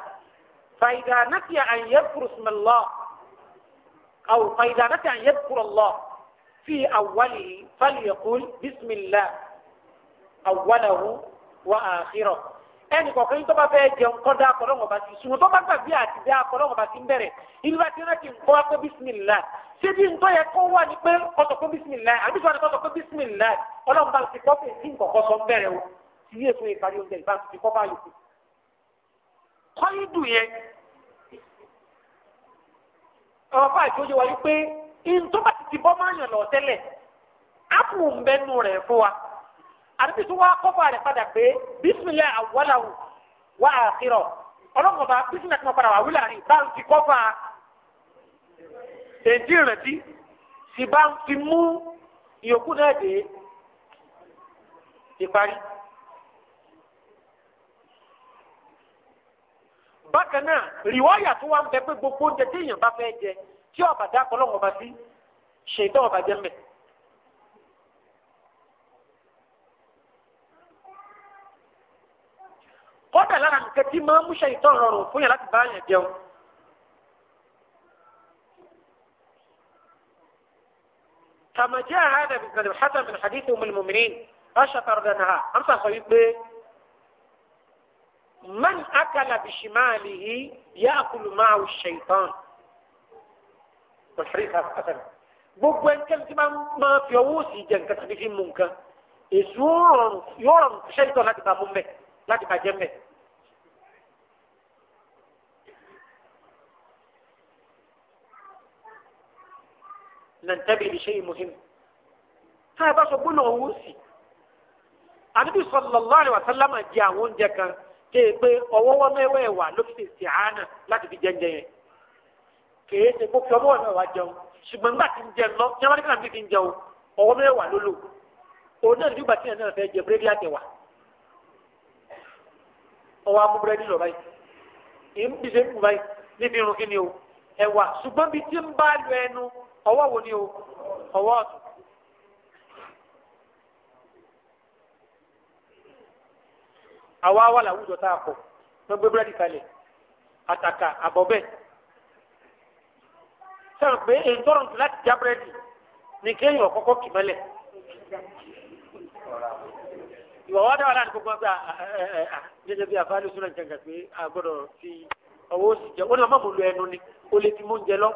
فإذا نسي أن يذكر اسم الله أو فإذا نسي أن يذكر الله في أوله فليقول بسم الله أوله وآخره ẹnì kọ̀ọ̀kan yìí tó bá fẹ́ jẹun kọ́ dá akọ̀rọ̀ ọ̀bá sí ṣùgbọ́n tó bá gbàgbé àti dá akọ̀rọ̀ ọ̀bá sí ń bẹ̀rẹ̀ ìlú bá ti rántí nǹkan akọ́ bísímìlá ṣé bí nǹkan yẹ kó wà ní pé ọ̀sọ̀ pé bísímìlá àbí sọ̀rọ̀ ọ̀sọ̀ pé bísímìlá ọlọ́run bá ti kọ́ fèsì nǹkan kọ́ sọ ń bẹ̀rẹ̀ o ti ilé ètò ìparí oúnjẹ ìbá ti kọ́ báyìí kù. kọ́ńdù yẹn àwọn afáà tí ó yẹ wa yìí pé ntọ́ bá ti ti bọ́ máa yàn lọ tẹ́lẹ̀ ápù ń bẹ́ nù rẹ̀ fún wa àdébí tí wọ́n á kọ́kọ́ rẹ̀ padà pé bísímìlẹ̀ àwọ̀láwù wà á kírọ̀ ọlọ́mọ bá bísímìlẹ̀ tí wọ́n padà wà wílà rìn bá ń ti kọ́fà èdè ìrántí sì bá ń fi mú ìyókù náà dé ìparí. bákan náà rìwáyà tó wà ń bẹ pé gbogbo oúnjẹ tí èèyàn bá fẹ́ jẹ tí ọba dá kọ́ lọ́wọ́ ọba sí ṣe ìtọ́ ọba jẹ́ mẹ́. kọ́dà lára nǹkan tí máa ń mú ṣe ìtọ́ rọrùn fún yàn láti bá yàn jẹun. كما جاء هذا في حسن من حديث أم المؤمنين عائشة رضي عنها أمسى صحيح man akala bishimalihi yaakulu maahu shaitan tafrika hasan gbogbo ẹnikẹ́ni tí máa fi ọwọ́ sí jẹ nǹkan tàbí fi mú nǹkan èso yóò rọrùn shaitan láti bá mú mẹ láti bá jẹ mẹ. nantabi li shay muhim tá a bá sọ gbọ́dọ̀ ọwọ́ sí àdúgbò sallallahu alaihi wasallam jẹ àwọn oúnjẹ kan. tẹ ẹ pé ọwọ́ wọn si wà lókìtì sí àánà láti fi jẹun jẹun kèé ṣe kó fi jẹun ṣùgbọ́n nígbà tí ń jẹun lọ ní amẹ́ríkà fi ń jẹun ọwọ́ mẹ́wẹ́ wà lólo òun náà nígbà tí fẹ́ jẹ búrẹ́dì àtẹ̀wà ọwọ́ amú búrẹ́dì lọ báyìí èmi ṣe ń kú báyìí níbi irun kí ni o ẹ̀wà ṣùgbọ́n bí tí ń bá lu ẹnu ọwọ́ wo ni o àwa wà láwùjọ tá a kọ wọn gbé búrẹ́dì kalẹ̀ àtàkà àbọ̀bẹ̀ sọ̀rọ̀ pé èyí tọrọ nù láti já búrẹ́dì ní kéèyàn kọ́kọ́ kì mọ́lẹ̀ ìwà wa dáwà láti gbogbo ọgbà gẹ́gẹ́ bí àfáàlù súnà jẹ̀ǹgà pé a gbọ́dọ̀ fi ọwọ́ òsì jẹ ó ní ọmọ mòlú ẹnu ni ó lè fi móúnjẹ lọ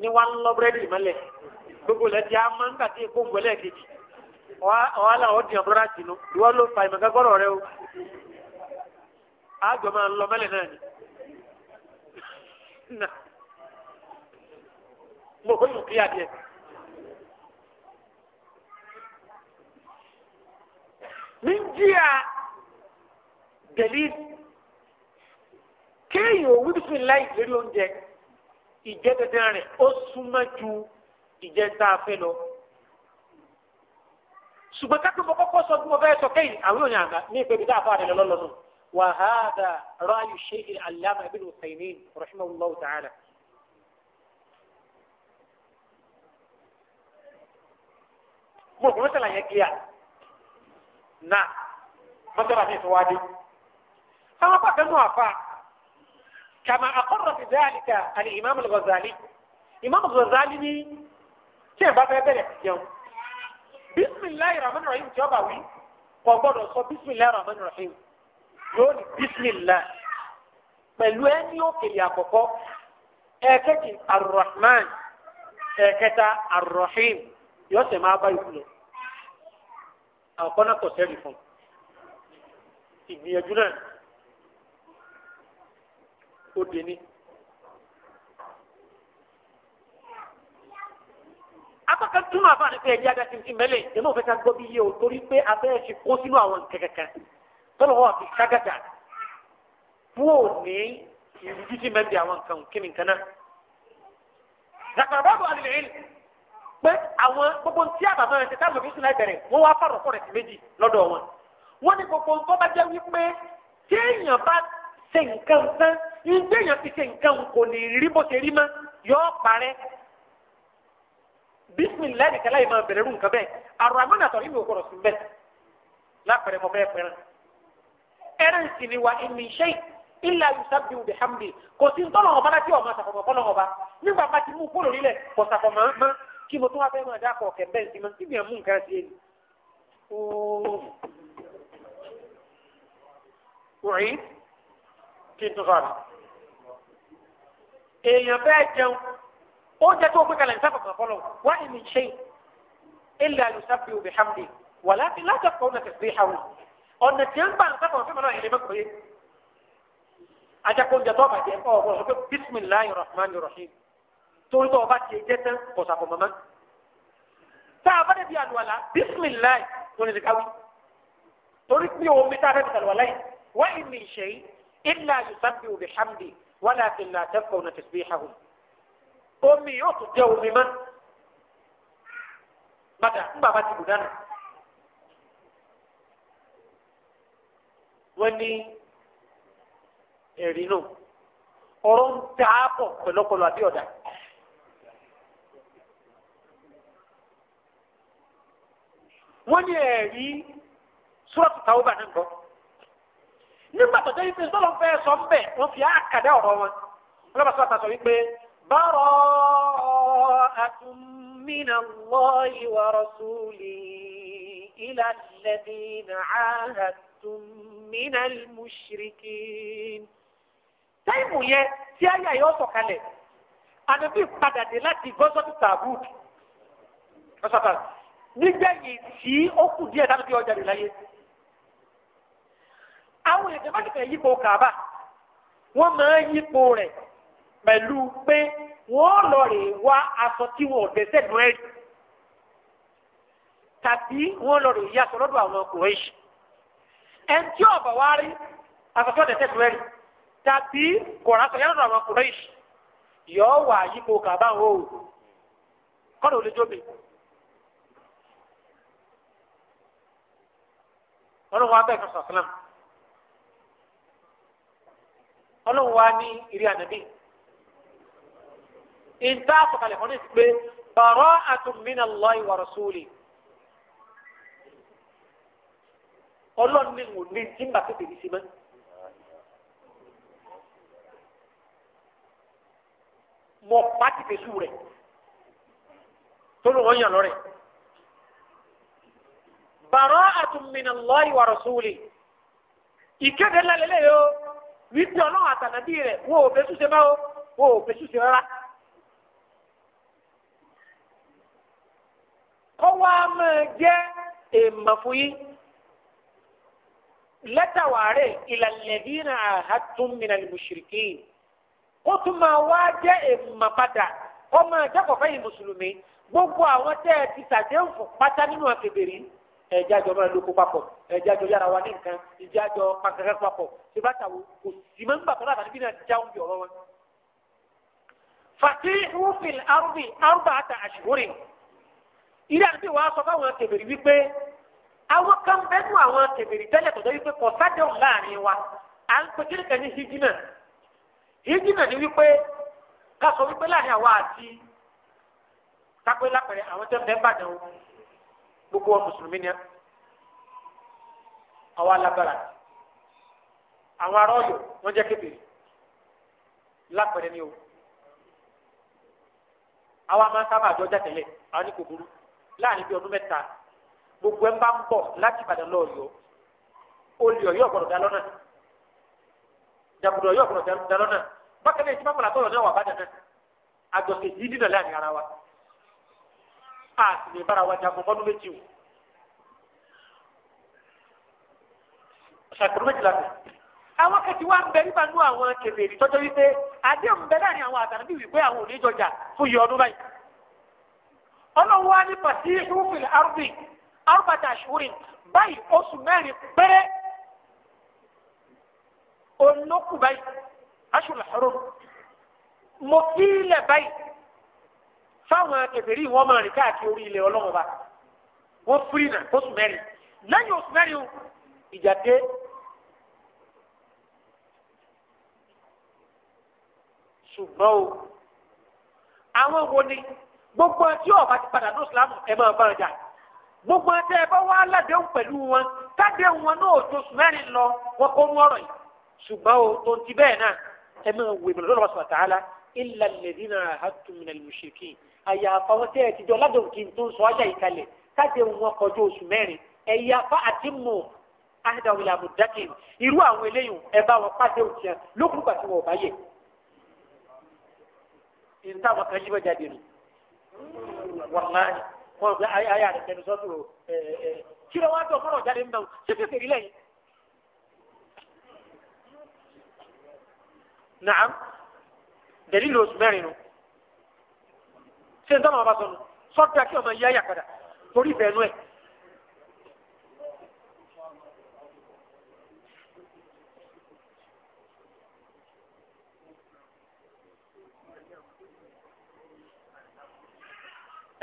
ní wà ń lọ búrẹ́dì mọ́lẹ̀ gbogbo lẹ́tí á máa ń kàtí èkó ń gbọ́lẹ̀ kejì. wàhálà ó ọbụla jìnnú ìwọ ló fa ìmọ̀ rẹ o àgbẹ̀ máa na- lọ na- náà ni mo kó yùn kí adìẹ. níjìyà dẹ̀lí kéèyàn òwú bísí láì lérí oúnjẹ ìjẹ́ dandan rẹ̀ ó ju ìjẹ́ tá a ṣùgbọ́n ká tó mọ kọ́kọ́ sọ bí mo fẹ́ sọ kẹ́yìn àwọn òyìn àgbà ní ìpèbí tá a fọ́ àdìlẹ́ lọ́lọ́sùn wa hadha ra'yu shaykh al-allama ibn Uthaymin rahimahullahu ta'ala. mo kò mẹ́tàlá yẹn kíá na mọ́tàlá mi sọ wáde. àwọn pàtó nù àfa kama aqarra bi dhalika al-imam al-Ghazali imam al-Ghazali tí ẹ bá fẹ́ bẹ̀rẹ̀ bisimilayi rahman rahim tí ọba wí kò gbọdọ̀ sọ bisimilayi rahman rahim yóò ní bisimilayi pẹ̀lú ẹni òkèlè àkọ́kọ́ ẹ̀ẹ̀kejì arrahman ẹ̀ẹ̀kẹta arrahim yóò sì máa bá ìkúlẹ̀ àkọ́kọ́ náà kò sẹ́rì fún ìgbìyànjú náà ó dé ní. akọkẹ túmọ̀ àfa ni pé ẹ̀jẹ̀ ada ti mẹ́lẹ̀ ẹ̀mọ́ fẹ́ ká gbọ́ bí yé o torí pé abẹ́ ti kó sínú àwọn kẹ̀kẹ́kẹ́ tọ́lọ̀ wọ́n fi ságàtà fún òní ìrújú ti mẹ́bi àwọn nǹkan kíni kan náà. Dàkàrà bá bọ̀ àlè yìí pé àwọn gbogbo tí àbàmọ́ ẹ̀ ti táwọn ìfúnṣẹ́ náà bẹ̀rẹ̀ wọ́n wá fọ̀rọ̀ fọ̀rọ̀ sí méjì lọ́dọ̀ wọn. Wọ́n ní gbogbo nǹkan bá jẹ́ wípé tí èèyàn bá ṣe nǹkan tán, ìgbéyàn ti ṣe nǹkan kò ní rí bó ṣe rí mọ́, yọ bisimilayi nìkan láyé máa bẹ̀rẹ̀ rúùn kan bẹ́ẹ̀ àrùn amánàtọ̀ yìí mi ò gbọ́dọ̀ sùn bẹ́ẹ̀ lápẹ̀rẹ̀ mọ́ bẹ́ẹ̀ pẹ̀rẹ̀ ẹ̀rìn sì ni wa ẹ̀mí iṣẹ́ ilà yusabi ubi hamdi kò sí ntọ́nà ọba láti ọmọ àtàkọ̀mọ̀ fọ́nà ọba nígbà bá ti mú kúrò nílẹ̀ kò sàkọ̀mọ̀ mọ́ kí mo tún wá fẹ́ máa dá kọ̀ kẹ̀mbẹ́ ntì mọ́ síbi ẹ̀mú nǹkan sí ẹni. Òrí kí n tún sọ̀rọ̀. Èèyàn fẹ́ jẹun oúnjẹ tó gbé kalẹ̀ ní sábà kọ̀ọ̀lọ́ wá ìmì ṣe ilẹ̀ àlùsáfì òbí hàmdi wà láti láti ọ̀pọ̀ ọ̀nà tẹ̀sí hàwọn ọ̀nà tí ń bá nǹkan kọ̀ọ̀fẹ́ mọ́nà ìlẹ̀ mẹ́kọ̀ọ́ yé ajakọ̀ oúnjẹ tó bá jẹ ọ̀ wọ́n sọ pé bisimilahi rahim torí tó bá tiẹ̀ jẹ́ tán kò mọ́mọ́ tá a bá dẹ̀ bí àlùwàlà bisimilahi tó ní káwí torí pé omi tá a fẹ́ bí àlùwàlà yìí wá ìmì omi yóò tún jẹ́ omi mọ́ padà ń bàbá ti bù dánù. wọ́n ní ẹ̀rí nù ọ̀rọ̀ ń dáàbọ̀ pẹ̀lọ́pẹ̀lọ àbí ọ̀dà. wọ́n ní ẹ̀rí sọ́ọ̀tù tàwọn bá náà gbọ́. nígbà tó jẹ́ ife sọ́lọ́ fẹ́ wọ́n fi àkàdá ọ̀rọ̀ wọn. ọlọ́pàá sọ́ọ̀tà sọ wípé. براءة من الله ورسوله إلى الذين عاهدتم من المشركين táìmù yẹn tí àyà yóò sọ̀kalẹ̀ àdébí padà dé láti gọ́sọ́tù tàbúùd ọ̀sọ̀tà nígbẹ̀yìn tí ó kù díẹ̀ dábìbí ọjà rẹ̀ láyé. àwọn èdè má ti fẹ́ yípo kàbà wọ́n máa ń yípo rẹ̀ pẹ̀lú pé wọ́n lọ rè wá aṣọ tí wọn ò ẹ̀rí tàbí wọ́n lọ rè yí aṣọ lọ́dọ̀ àwọn kùrẹ́ṣì ẹni tí ọ̀bà wá rí aṣọ tí ẹ̀rí tàbí kọ̀ọ̀rọ̀ aṣọ yẹn lọ́dọ̀ àwọn kùrẹ́ṣì wà yípo kàbá kọ́nà ọlọ́run ìta sọ̀kalẹ̀ fún ìsìnkú bara'atun minallahi wa rasulihi. ọlọ́run ní wò ní tí màá tètè ní sí mọ́. mo pa ti tẹ̀sù rẹ̀ tó ló wọ́n yàn lọ́rẹ̀. bara'atun minallahi wa rasulihi. ìkéde ńlá lélẹ́yìí o wípé ọlọ́run àtànàbí rẹ̀ wọ́n ò fẹ́ súnṣe báwo wọ́n ò fẹ́ súnṣe rárá. kọ́ wá máa jẹ́ èèmọ̀ fún yín lẹ́tàwárẹ̀ ìlàlẹ́dínà àhàtúnmìnà lùmùsìrìkì kó tún máa wá jẹ́ èèmọ̀ padà kọ́ máa jákòókò yìí mùsùlùmí gbogbo àwọn tẹ́ ẹ ti sàdéhùn fún pátá nínú àkèbèrè ẹ̀jájọ máa lóko papọ̀ ẹ̀jájọ yára wa ní nǹkan ìjájọ pàǹkàkà papọ̀ ṣé bá tàwọn kò sì máa ń gbà tọ́lá àtàlẹ́bí náà jáwọ́ bí ọ̀rọ̀ wọn. fàtí wúfin arúgbìn arúgbà àtà àṣìwórìn ilé àti wàá sọ fáwọn kèfèrí wípé àwọn kan bẹ́nu àwọn kèfèrí tẹ́lẹ̀ tọ́jọ́ wípé kò sádẹ́wò láàrin wa à ń pe kí nìkan ní hijina hijina ni wípé ká sọ wípé láàrin àwa àti kápẹ́ lápẹ̀rẹ̀ àwọn tẹ́ ń bẹ́ ń bàdàn o gbogbo wọn mùsùlùmí ni àwa alágbára àwọn ará Ọ̀yọ́ wọn jẹ́ kèfèrí lápẹ̀rẹ̀ ni o àwa máa ń sábà jọ àwọn ní kò burú. láàrin bíi ọdún mẹ́ta gbogbo ẹ̀ ń bá ń bọ̀ láti Ìbàdàn lọ Ọ̀yọ́ olè Ọ̀yọ́ ọ̀gbọ̀dọ̀ dá lọ́nà jàgùdọ̀ Ọ̀yọ́ ọ̀gbọ̀dọ̀ dá lọ́nà bákan náà ìtìmọ̀ mọ̀lá náà wà bàdàn náà àjọṣe yìí dínà láàrin ara a sì lè bára wa jagun méjì o ṣàkóso méjìlá mi àwọn kẹtì wa ń bẹ nípa nú àwọn ìrìtọ́jọ́ wípé bẹ láàrin àwọn ọlọ́run wá ní pàtí ìhùfìl arúgbì arúgbàtà àṣùwìn báyìí oṣù mẹ́rin péré olókù báyìí aṣùwìn àrùn mo fi ilẹ̀ báyìí fáwọn kẹfẹ́rì wọn máa rìn káàkiri orí ilẹ̀ ọlọ́run ọba firi nà oṣù mẹ́rin lẹ́yìn oṣù mẹ́rin o ìjà dé ṣùgbọ́n o àwọn wo ni gbogbo ẹtí ọba ti padà ní islam ẹ máa bá ọjà gbogbo ẹtí ẹ bá wà ládéhùn pẹ̀lú wọn tádéhùn wọn náà tó mẹ́rin lọ wọn kó mú ọ̀rọ̀ yìí ṣùgbọ́n o tó ti bẹ́ẹ̀ náà ẹ máa wò ìmọ̀lẹ́ lọ́wọ́ sọ̀rọ̀ tààlà ilà lẹ́dínà àtúnmìnà lùsèkì àyàfà wọn tẹ́ ẹ ti jọ ládùn kí n tó ń sọ ọjà yìí kalẹ̀ wọn kọjú oṣù mẹ́rin ẹ̀yàfà àti mọ̀ ahidawìlà wàláyé wọn gbé ayé ayé àti ẹnu sọ́tò ẹ ẹ kí ló wá tó fọ́nà jáde ń bẹ̀ wọ́n ṣé kí fèrè lẹ́yìn. naam dẹ̀lí lóṣù mẹ́rin nu ṣé n tọ́ ma ba sọnù sọ́tò kí ọmọ yá yà padà torí ìfẹ́ nu ẹ̀.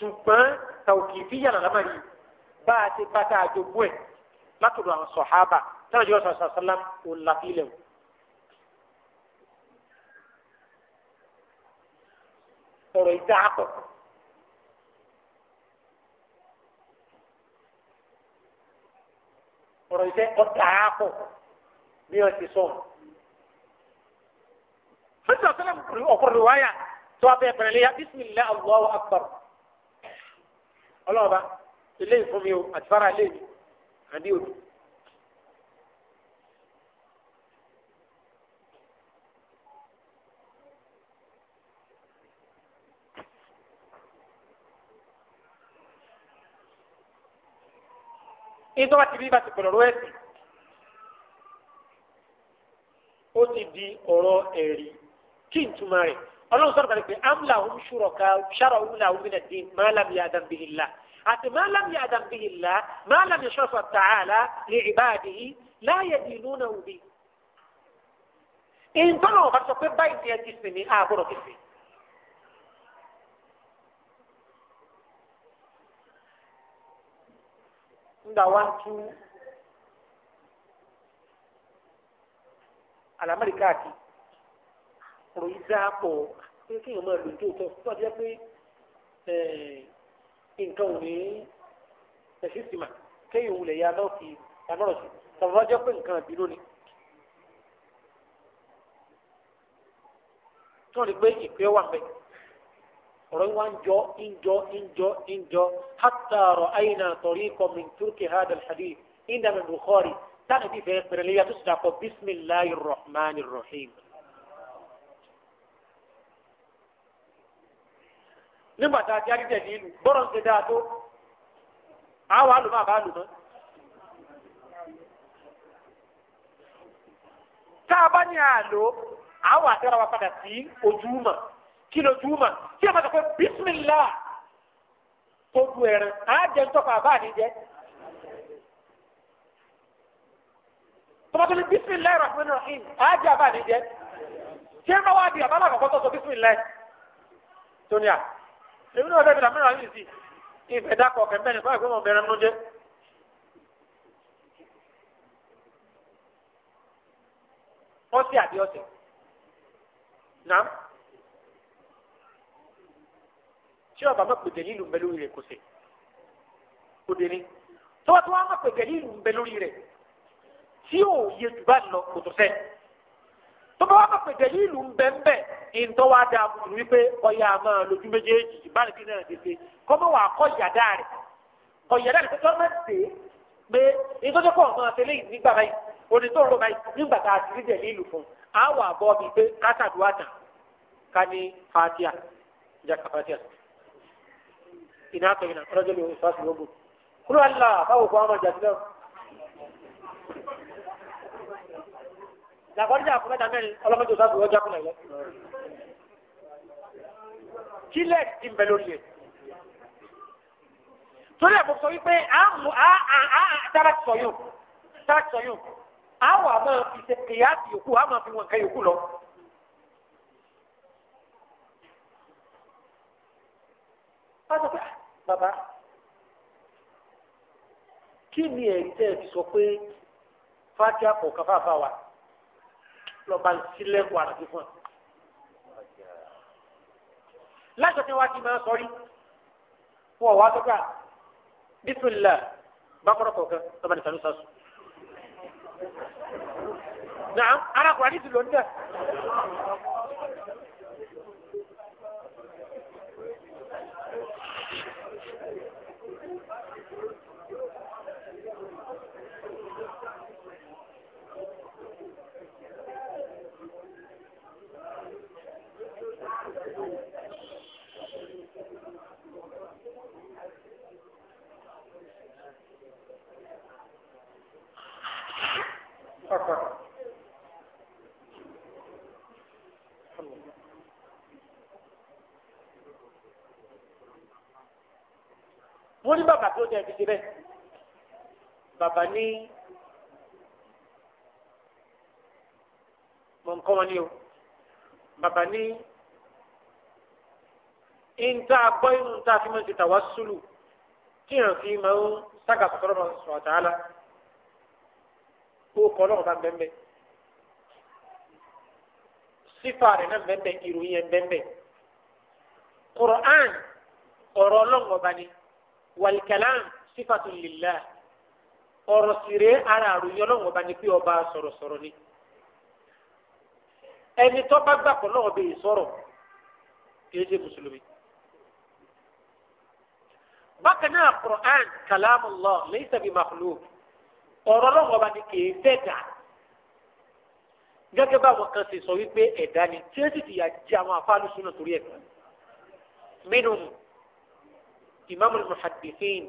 ṣùgbọ́n tàwùkìfíyà làlámàrí bá a ti bá tá a jogún ẹ̀ látọ̀dọ̀ àwọn sọ̀hábà táwọn ìjọba sọ̀rọ̀ sàlám ò láfílẹ̀ o. ọ̀rọ̀ ìdá àpọ̀. ọ̀rọ̀ ìṣe ọ̀dà àpọ̀ bí wọ́n ti sọ. fẹ́sọ̀ sọ́lá ọ̀pọ̀lọpọ̀ wáyà tó a bẹ̀rẹ̀ pẹ̀lẹ́ yá bísí ilẹ̀ Allahu akbar. ọlọ́ọ̀ba ilé ìfún mi o àti fara ilé mi àdí òdu. ìtọ́ bá ti bí bá ti pẹ̀lú ọ̀rọ̀ ẹ̀sìn ó ti di ọ̀rọ̀ ẹ̀rí kí n túmọ̀ rẹ̀ ọlọ́run sọ̀rọ̀ pẹ̀lú pé amla ń ṣúrọ̀ ká ṣàrọ̀ ń la òun nà dín máa lábìyà dàbí ìlà àti ma lam ya'dam bihi Allah ma lam yashfa ta'ala li ibadihi la yadinunahu bi. ìtọ́nà ọ̀bá sọ pé báyìí ti ẹ ti sìn ní àbúrò kìsìn. nda wantu alamari káàkiri ọ̀rọ̀ yìí dáa pọ̀ pé kí èèyàn máa lò tó tọ́ tó bá jẹ́ pé nǹkan ò ní ẹ̀sìn tìmà kéèyàn wulẹ̀ ya náà fi àmọ́ràn sí tàbá jẹ́ pé nǹkan àbí lónìí. tí wọ́n rí pé ìpè wà mẹ́ ọ̀rọ̀ yìí wá ń jọ ń jọ ń jọ ń jọ hatta ra'ayna tariqa min turki hadha al-hadith inda min Bukhari táwọn ibi fẹ́ pẹ̀lẹ́ yàtọ̀ sí dàpọ̀ bismillahir rahmanir rahim. nígbà tá a járí tẹ̀lé ìlú bọ́rọ̀ ń ṣe dáa tó àwọn àlùmọ́ àbá àlùmọ́. tá a bá ní àlò àwọn àtẹ́ra wa padà sí ojúmọ̀ kí lójúmọ̀ tí a máa sọ pé bísímìlá tó du ẹran á jẹ ntọ́ka àbá àdéjẹ. tọ́mọ́tò ní bísímìlá ìrọ̀sìn náà ìn á àbá àdéjẹ. tí a máa wá di àbá àlàkọ̀kọ́ tó sọ bísímìlá tó ní à èmi náà fẹ́ fi làmúlò àyè sí ìfẹ́ dákọ̀ kẹ̀mbẹ́ nìkan ìfẹ́ mọ̀ bẹ̀rẹ̀ mú jẹ́. ọsẹ àbí ọsẹ nàám tí ọba má pè dẹ̀lí ìlú ń bẹ lórí rẹ̀ kò sè kò dé ní tọ́wọ́tọ́wọ́ má pè dẹ̀lí ìlú ń bẹ lórí rẹ̀ tí ò yẹ jù bá lọ kò tó sẹ́yìn tó bá wà má pèsè yìí lù wa dáa fún mi wípé ọ̀yà máa lójú méjèèjì báyìí kí náà tètè kọ́mọ wà kọ́ yàdá rẹ̀ kọ́ yàdá rẹ̀ pẹ́tọ́ máa tè é pé ìtọ́jú kọ́ ọ̀nà àtẹlẹ́ yìí nígbà báyìí òní tó báyìí nígbà tá a ti rí dẹ̀lí fún a wà bọ́ mi pé kásàdúrà tán ká ní fatia jaka fatia ìnáàkọ̀ yìí náà ọlọ́jọ́ lè wọ́n sọ́ọ́ làkọ́díjà fún mẹ́ta mẹ́rin ọlọ́mọdé òsàbò ọjà kúnlẹ̀ lọ. kílẹ̀ ti ń bẹ lórí ẹ̀. torí ẹ̀ mo sọ wípé a mú a a a tára ti sọ yóò tára ti sọ yóò a wà máa fi ṣe kìyà sí yòókù a máa fi wọn kẹ́ yòókù lọ. a pé ah, bàbá kí ni ẹ̀rí tẹ́ ẹ fi sọ pé fátíà kọ̀ọ̀kan fáfá wa lọ́ba sílẹ̀kùn àti fún ẹ. láti ọ̀tí wa ti máa sọ rí fún ọ̀wá tó kà bísílẹ̀ bákọ́rọ̀ kọ̀ọ̀kan lọ́ba nìkan ló sá sùn. nàá arákùnrin àdìsí ló ń dẹ̀. فقط wọ́n ní bàbá tó jẹ́ ìdíje bẹ́ẹ̀ bàbá ní mọ̀ nǹkan wọn ni o bàbá ní ìta gbọ́ inú ta fi máa ń ṣe tàwa sùlù tí yàn fi máa ń sága sọ̀rọ̀ sọ̀rọ̀ tààlà ó kọ́ náà bá bẹ́ẹ̀ sífà rẹ̀ náà bẹ́ẹ̀ ìròyìn ẹ̀ bẹ́ẹ̀ Qur'an ọ̀rọ̀ ọlọ́run ọba ni wàlìkàlám sífàtún lìlá ọ̀rọ̀ síré ara àròyìn ọlọ́run ọba ni pé ọba sọ̀rọ̀sọ̀rọ̀ ni ẹni tó bá gbàgbọ́ náà bẹ̀ sọ̀rọ̀ kìí ṣe mùsùlùmí. bákan náà Qur'an kàlámù Allah laysa bi makhluq ọ̀rọ̀ lọ́wọ́ bá ní kìí fẹ́ẹ̀dà gẹ́gẹ́ báwọn kan ṣe sọ wípé ẹ̀dá ni tí ó sì ti yà jẹ́ àwọn afáàlùsùn náà torí ẹ̀kan mínú ìmáàmù muhaddithin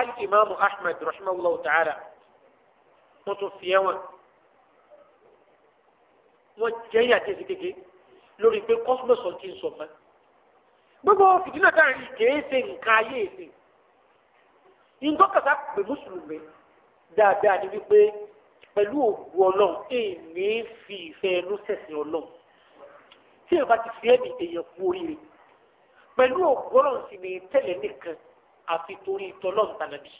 al-imaamu ahmed rahimahullahu ta'ala wọ́n tún fi ẹ̀wọ̀n wọ́n jẹ́ yàtẹ̀ sí lórí pé kọ́sùmọ̀sọ̀ ti ń sọ fún un gbogbo fìdílé tá à ń rí kèé ṣe nǹkan ayé ìsìn nǹkan kàtà pè mùsùlùmí dáadáa ni wípé pẹ̀lú òògùn ọlọ́run èmi fi ìfẹ́ ẹnu sẹ̀sìn ọlọ́run tí èèyàn bá ti fi ẹ̀mí èèyàn kú oríire pẹ̀lú òògùn ọlọ́run sì ni tẹ́lẹ̀ nìkan àfi torí tọ́lọ́run tànàbí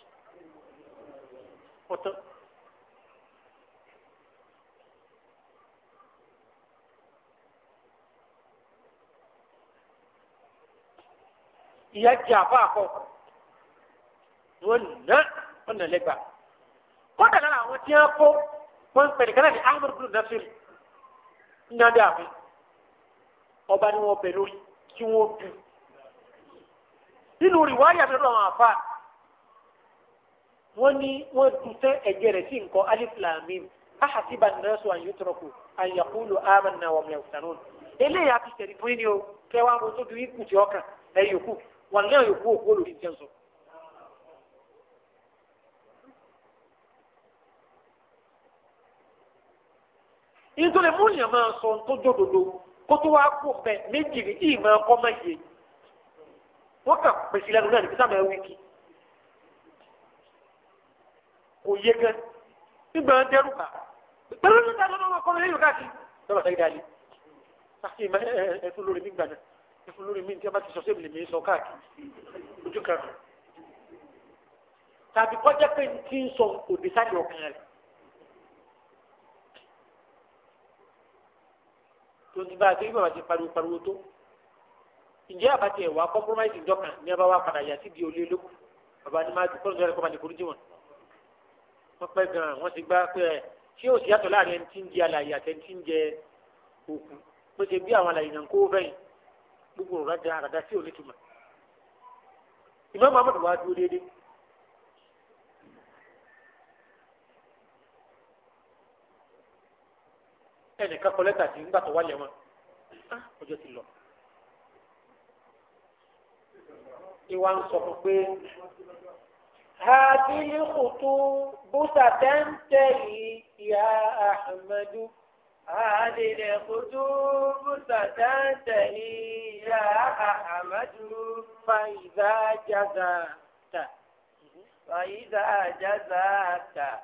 ìyá jẹ àbá àkọ wọn nà wọn nà lẹgba kọ́ńtà lára àwọn tí wọ́n kó wọ́n pẹ̀lú kan náà ní ahmed bin nasir nnadé àfi ọba ni wọ́n bẹ̀ lórí kí wọ́n dùn nínú rìwáyà mi lọ́wọ́ àwọn àfa wọ́n ní wọ́n dùn tẹ́ ẹ̀jẹ̀ rẹ̀ sí nǹkan alif ahasiba nnasu an yutraku an wa hum eléyà ti tẹ̀lé fún yín ni o kẹwàá mo tó du ikú ọkàn ẹ wọn náà yóò kú òkú olùdí jẹun sọ. nítorí mú ni a máa sọ tó jòdòdò kótó wa kó bẹ méjì ní ìyí máa kọ́ máa yé wọ́n kà pèsè lẹ́nu náà nígbà máa wí kí kò yé gan nígbà dẹrù bá pẹ̀lú nígbà tó náà wọ́n kọ́ lóyún káàkiri lọ́wọ́ sẹ́yìn dáadé sáfì ẹ̀ ẹ̀ tó lórí nígbà náà olórí mi tí a bá ti sọ sí èmi lèmi sọ káàkiri ojú kan tàbí kọjá pé tí ń sọ òde sáré ọkàn rẹ tó ti bá a ti rí bàbá ti pariwo pariwo tó ǹjẹ́ àbátí ẹ̀wà compromise ìjọkan ní abá wa padà yà sí di olé lóko bàbá ni máa dùkọ́ lọ́dọ̀ rẹ̀ kọ́ máa lè forí jì wọ́n wọ́n pẹ́ gan-an wọ́n ti gbá pé ẹ̀ ṣé òsì yàtọ̀ láàrin ẹni tí ń jẹ alàyè àti ẹni tí ń jẹ òkú pé ṣe bí àwọn alàyè náà ń kó fẹ́yìn gbogbo ọ̀rọ̀ da àràdá tí ò ní tuma ìmọ̀ muhammadu wa dúró déédéé. ẹnìkan kọ lẹ́tà sí nígbà tó wálé wọn ah, ọjọ́ ti lọ. ìwà ń sọ fún pé hadili kutu busa tẹ́ńtẹ́ yìí ya ahmadu. هذه الخطوب ستنتهي يا أحمد فإذا جزعت فإذا جزعت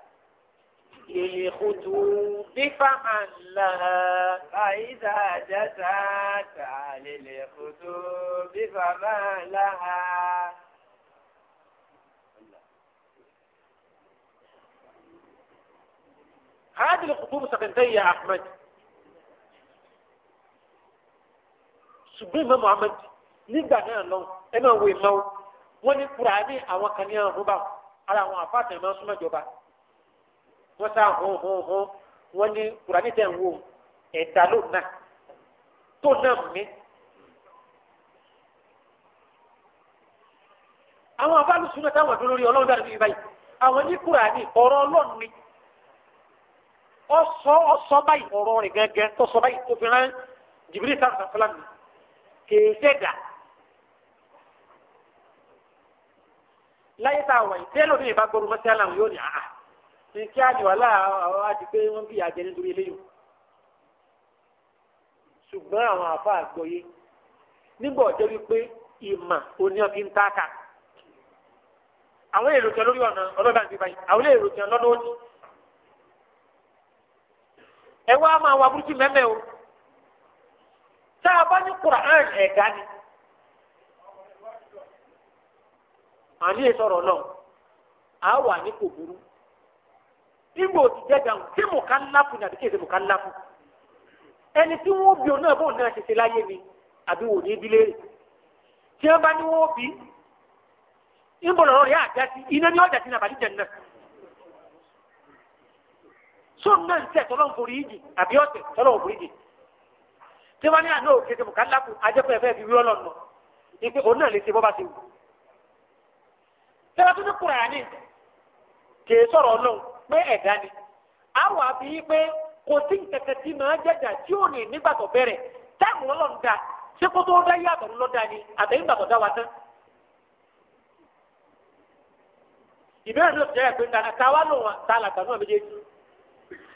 للخطوب فعل لها فإذا جزعت للخطوب فما لها هذه الخطوب سكنتين يا أحمد ṣùgbọ́n ìmọ̀ muhammed nígbà náà lọ ẹ máa wo ìmọ̀ wọn ní kuraani àwọn kan ní àrùn bá ara àwọn àfáàtàn máa súnmọ́ ìjọba wọ́n sá hàn hàn hàn wọ́n ní kuraani tẹ̀ ń wo ẹ̀dá ló náà tó náà mí. àwọn afáàlù súnmọ́ táwọn dúró lórí ọlọ́run dára bíi báyìí àwọn ní kuraani ọ̀rọ̀ ọlọ́run ni. ọsọ ọsọ báyìí ọ̀rọ̀ rẹ̀ gẹ́gẹ́ tọsọ báyìí tó fi hàn jìbìrì sàrùsà fúlàmù kèé sẹdà láyé tá a wọ̀nyí tẹ́lẹ̀ omi ìbá gbọ́dọ̀ mọ́tí aláwọ̀ yóò ní àhà ní kí á ní wàhálà àwọn àdìgbé wọn bí àjẹ nítorí eléyìí ṣùgbọ́n àwọn afọ àgbọ̀yé nígbà ọjọ́ wípé ìmà òní ọ̀fi ń táàkà àwọn èrò kan lórí ọ̀nà ọlọ́dà ẹ wá wà burúkú o tá a bá ní Qur'an ẹ̀gá ni àní náà a wà ní kò burú nígbà òtí jẹ́jà tí mo ká lápò ní àdìkèsè mo ká lápò ẹni tí wọ́n bí o náà bóun náà láyé mi àbí wò ní tí bá ní bí sunna ń tẹ̀ tọ́lọ́ nforí yìí àbí ọ̀tẹ̀ tọ́lọ́ nforí yìí tí wọ́n ní àná òkèdè mùkálàkù ajẹ́pẹ́ fẹ́ fi wí ọlọ́nu ipe òun náà lè ṣe bọ́ba ṣe wù. tẹ́lá tó ní kùránì kìí sọ̀rọ̀ ọlọ́run pé ẹ̀dá ni àwọn àbí pé kò sí kẹ̀kẹ́ tí màá jẹ́jà tí ò ní nígbà tó bẹ̀rẹ̀ táàmù dá ṣé kó tó dá yàtọ̀ lọ́dà ni àtẹ̀yìn gbàgbọ́ dá wa tán. ìbéèrè náà ti jẹ́ ẹ̀gbẹ́ ta wá lòun ta làgbà náà méjèèjì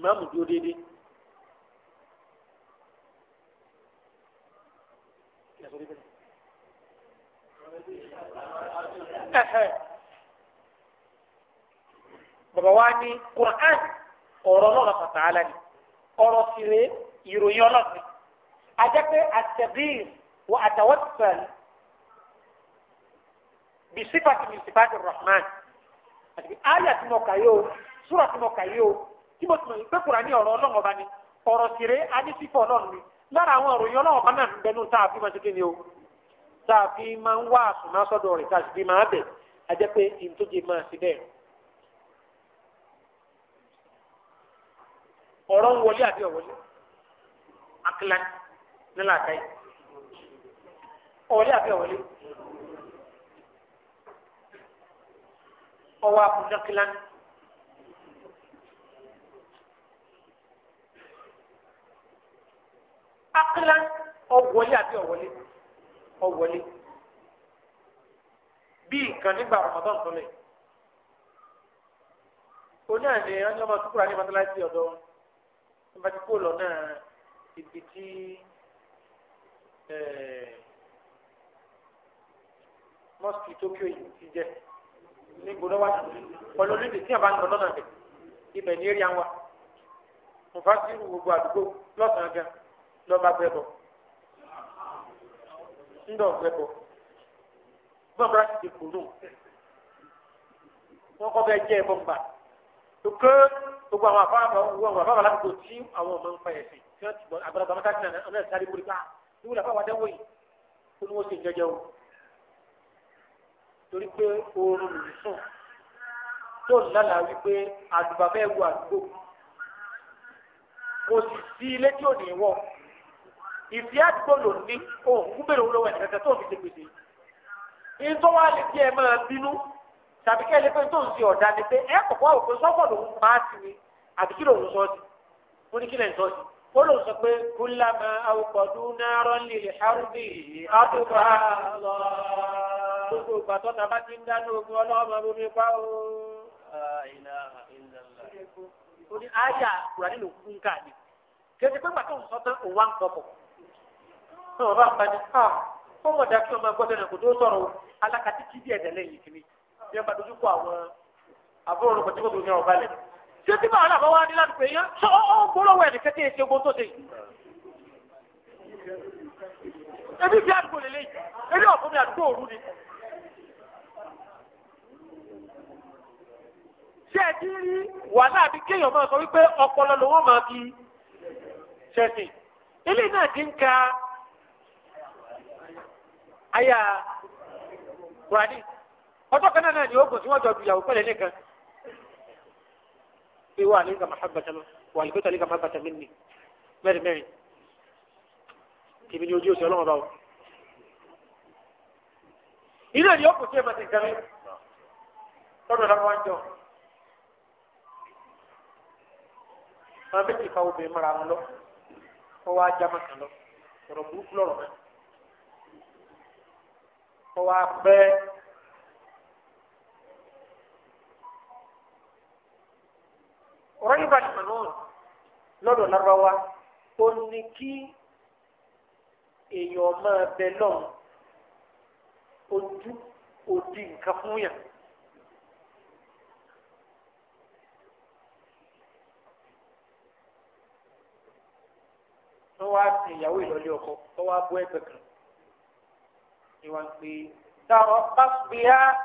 ìmáàmù dúró déédéé. bàbá wa ní Qur'an ọ̀rọ̀ náà pàtàkì àlá ni ọ̀rọ̀ sì rèé ìròyìn ọlọ́ọ̀ni àjẹpẹ́ àtẹ̀bíyìn wọ àtàwọ́tìfẹ̀lì bisifati min rahman àti àyà tí mo tí mo tún pé Kùránì ọ̀rọ̀ Ọlọ́run ọba ni ọ̀rọ̀ sire adisifọ Ọlọ́run ni lára àwọn ìròyìn Ọlọ́run ọba náà ń bẹnu tá a fi máa ṣe o tá fi máa ń wá a sì fi máa bẹ̀ a jẹ́ pé máa akílá ọ̀wọ́lé àbí ọ̀wọ́lé ọ̀wọ́lé bí nǹkan nígbà Ramadan tó lè oní àná ẹni ọmọ tukura ní mọ́tàláṣí ọ̀dọ́ nígbà tí kò lọ náà ibi tí mọ́sìkì Tókíò yìí ti jẹ́ ní gbọdọ̀ wá pẹ̀lú onídìí tí yàrá ń lọ lọ́nà bẹ̀ ní eré àwọn mo sí gbogbo àdúgbò lọ́sàn gan lọ́ba gbẹ́bọ̀ ńdọ̀ gbẹ́bọ̀ bọ́ọ̀bá ti dìbò nù wọ́n kọ́ bẹ́ẹ̀ jẹ́ ẹ̀ bọ́m̀bà tókè gbogbo àwọn afáàbọ̀ wọn àfáàbọ̀ láti kò tí àwọn ọmọ ń fa ẹ̀sìn tí wọ́n ti bọ̀ àgbàlagbà mọ́tà ti nà ọ̀nà ìsáré borí ká níwò làbá wa dẹ́wọ̀ yìí kó ni wọ́n ṣe jẹjẹ o torí pé oorun lòdì sùn tó lálà wípé àdùbà fẹ́ àdúgbò kò sì sí ilé tí ò ní wọ̀ ìfẹ́ àdúgbò ló ní òun gbúgbèrè owó lọ́wọ́ ẹ̀nìkan tó fi ṣe pèsè ní tó wá lè fi ẹ máa bínú tàbí kẹ́ ẹ lè fẹ́ tó ń ṣe ọ̀dà ni pé ẹ kọ̀kọ́ àwọn òpin sọ́kọ̀ lòun máa ti ni àbí kí lòun sọ sí mo ní kí lẹ́yìn sọ sí ó lòun sọ pé kúlámà àwòkọ̀dún náà rọ́ọ̀lì àdúgbò àlọ́ gbogbo ìgbà tó ta bá ti ń ogun náà ọba àpàdé ha ọmọ sọ̀rọ̀ alákatí kí bí ẹ̀dẹ̀ lẹ́yìn bí ẹ bá dojú kọ àwọn àbúrò kò tó ní ọba ṣé tí báwọn làbọ̀ wá ní láti pè yẹn ṣé ó gbólówó tó ebi bí àdúgbò lélẹ́yìn ebi ọ̀fun mi àdúgbò òru ni. ṣé ẹ ti rí wàhálà bí kéèyàn máa sọ wípé ọpọlọ máa fi ilé náà ti Aya, kùránì ọjọ́ kan náà ni oògùn tí wọ́n jọ dùyàwó pẹ̀lẹ́ nìkan pé wà ní gàmà àgbàtà lọ wà ní gbẹ́tàlí àgbàtà mi nì mẹ́rin mẹ́rin tèmi ni ojú oṣù ọlọ́run bá wọ. ilé ìdí oògùn tí ẹ máa ti gbẹmí lọ́dọ̀ lọ́wọ́ wá ń jọ. wọn bẹ ti fa obìnrin mara wọn lọ wọn wá já màkà lọ ọ̀rọ̀ burúkú lọ́rọ̀ mẹ́rin tó wá pẹ́ rọ́yìnbá nìmọ̀nà lọ́dọ̀ lárúbáwá ó ní kí èèyàn máa bẹ lọ́hùn ojú òdì nǹkan fún yàn. wọ́n wá sin ìyàwó ìlọ́lé ọkọ wọ́n wá bọ́ ẹgbẹ́ kan. يوفي بها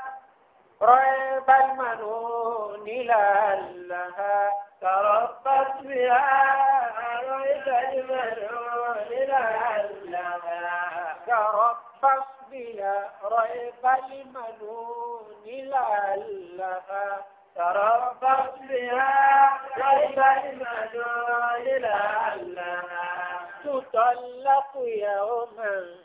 ريب المنون لعلها تربص بها ريب المنون لعلها تربص بها ريب المنون لعلها تربص بها ريب المنون لعلها تطلق يوما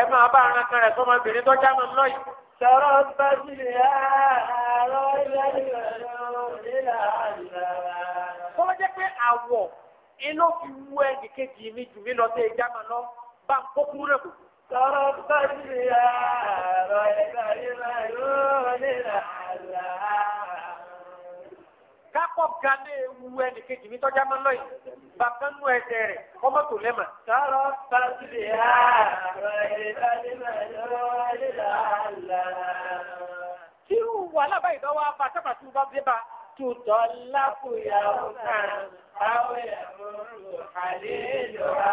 ẹ máa bá ara kan rẹ̀ sọmọbìnrin tó já mọ́ lọ́yìn. sọ̀rọ̀ bá sílẹ̀ àárọ̀ ilẹ̀ ìrọ̀lẹ́ nílà àlá. kó jẹ́ pé àwọ̀ iná fi wú ẹnì kejì mi jù mí lọ sí ẹja mọ́ lọ bá ń kó kúrẹ́ kù. sọ̀rọ̀ bá sílẹ̀ àárọ̀ ilẹ̀ ìrọ̀lẹ́ nílà àlá kakọ gane ewu ẹni kejì mi tọjá máa ń lọ yìí bàbá nù ẹsẹ rẹ ọmọ tó lẹ́mà. sọ̀rọ̀ pàṣẹ ha tírú wà lábàáyé lọ́wọ́ afasẹ́fàṣù bá dé bá tutọ́ lákòyàwó kan àwọn ẹ̀rọ àlẹ́ ìlú wa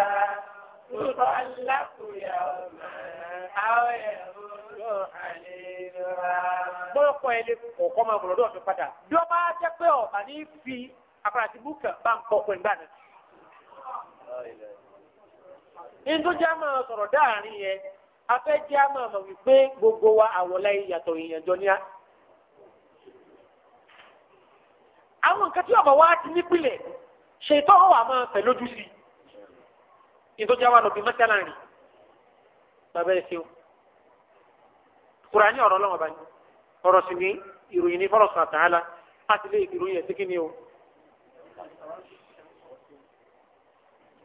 tutọ́ lákòyàwó kan àwọn ẹ̀rọ. gbọ́dọ̀kọ́ ẹ ọ̀kọ́ máa bọ̀rọ̀ lọ́dún padà bí ọba jẹ́ pé ọba ní fi àkàrà búkà bá ń kọ́ pẹ̀lú gbàdá. ìdújá máa sọ̀rọ̀ dáàrin yẹn afẹ́jẹ́ máa mọ̀ wípé gbogbo wa àwọ̀lá ìyàtọ̀ ìyànjọ ní àwọn nǹkan tí wa ti nípìnlẹ̀ máa lójú sí i. wa lọ bí bàbá kurani ọ̀rọ̀ ọrụ báyìí ọ̀rọ̀ sì ni ìròyìn ní fọlọsùn àtàlà láti lè ìròyìn kí ni o.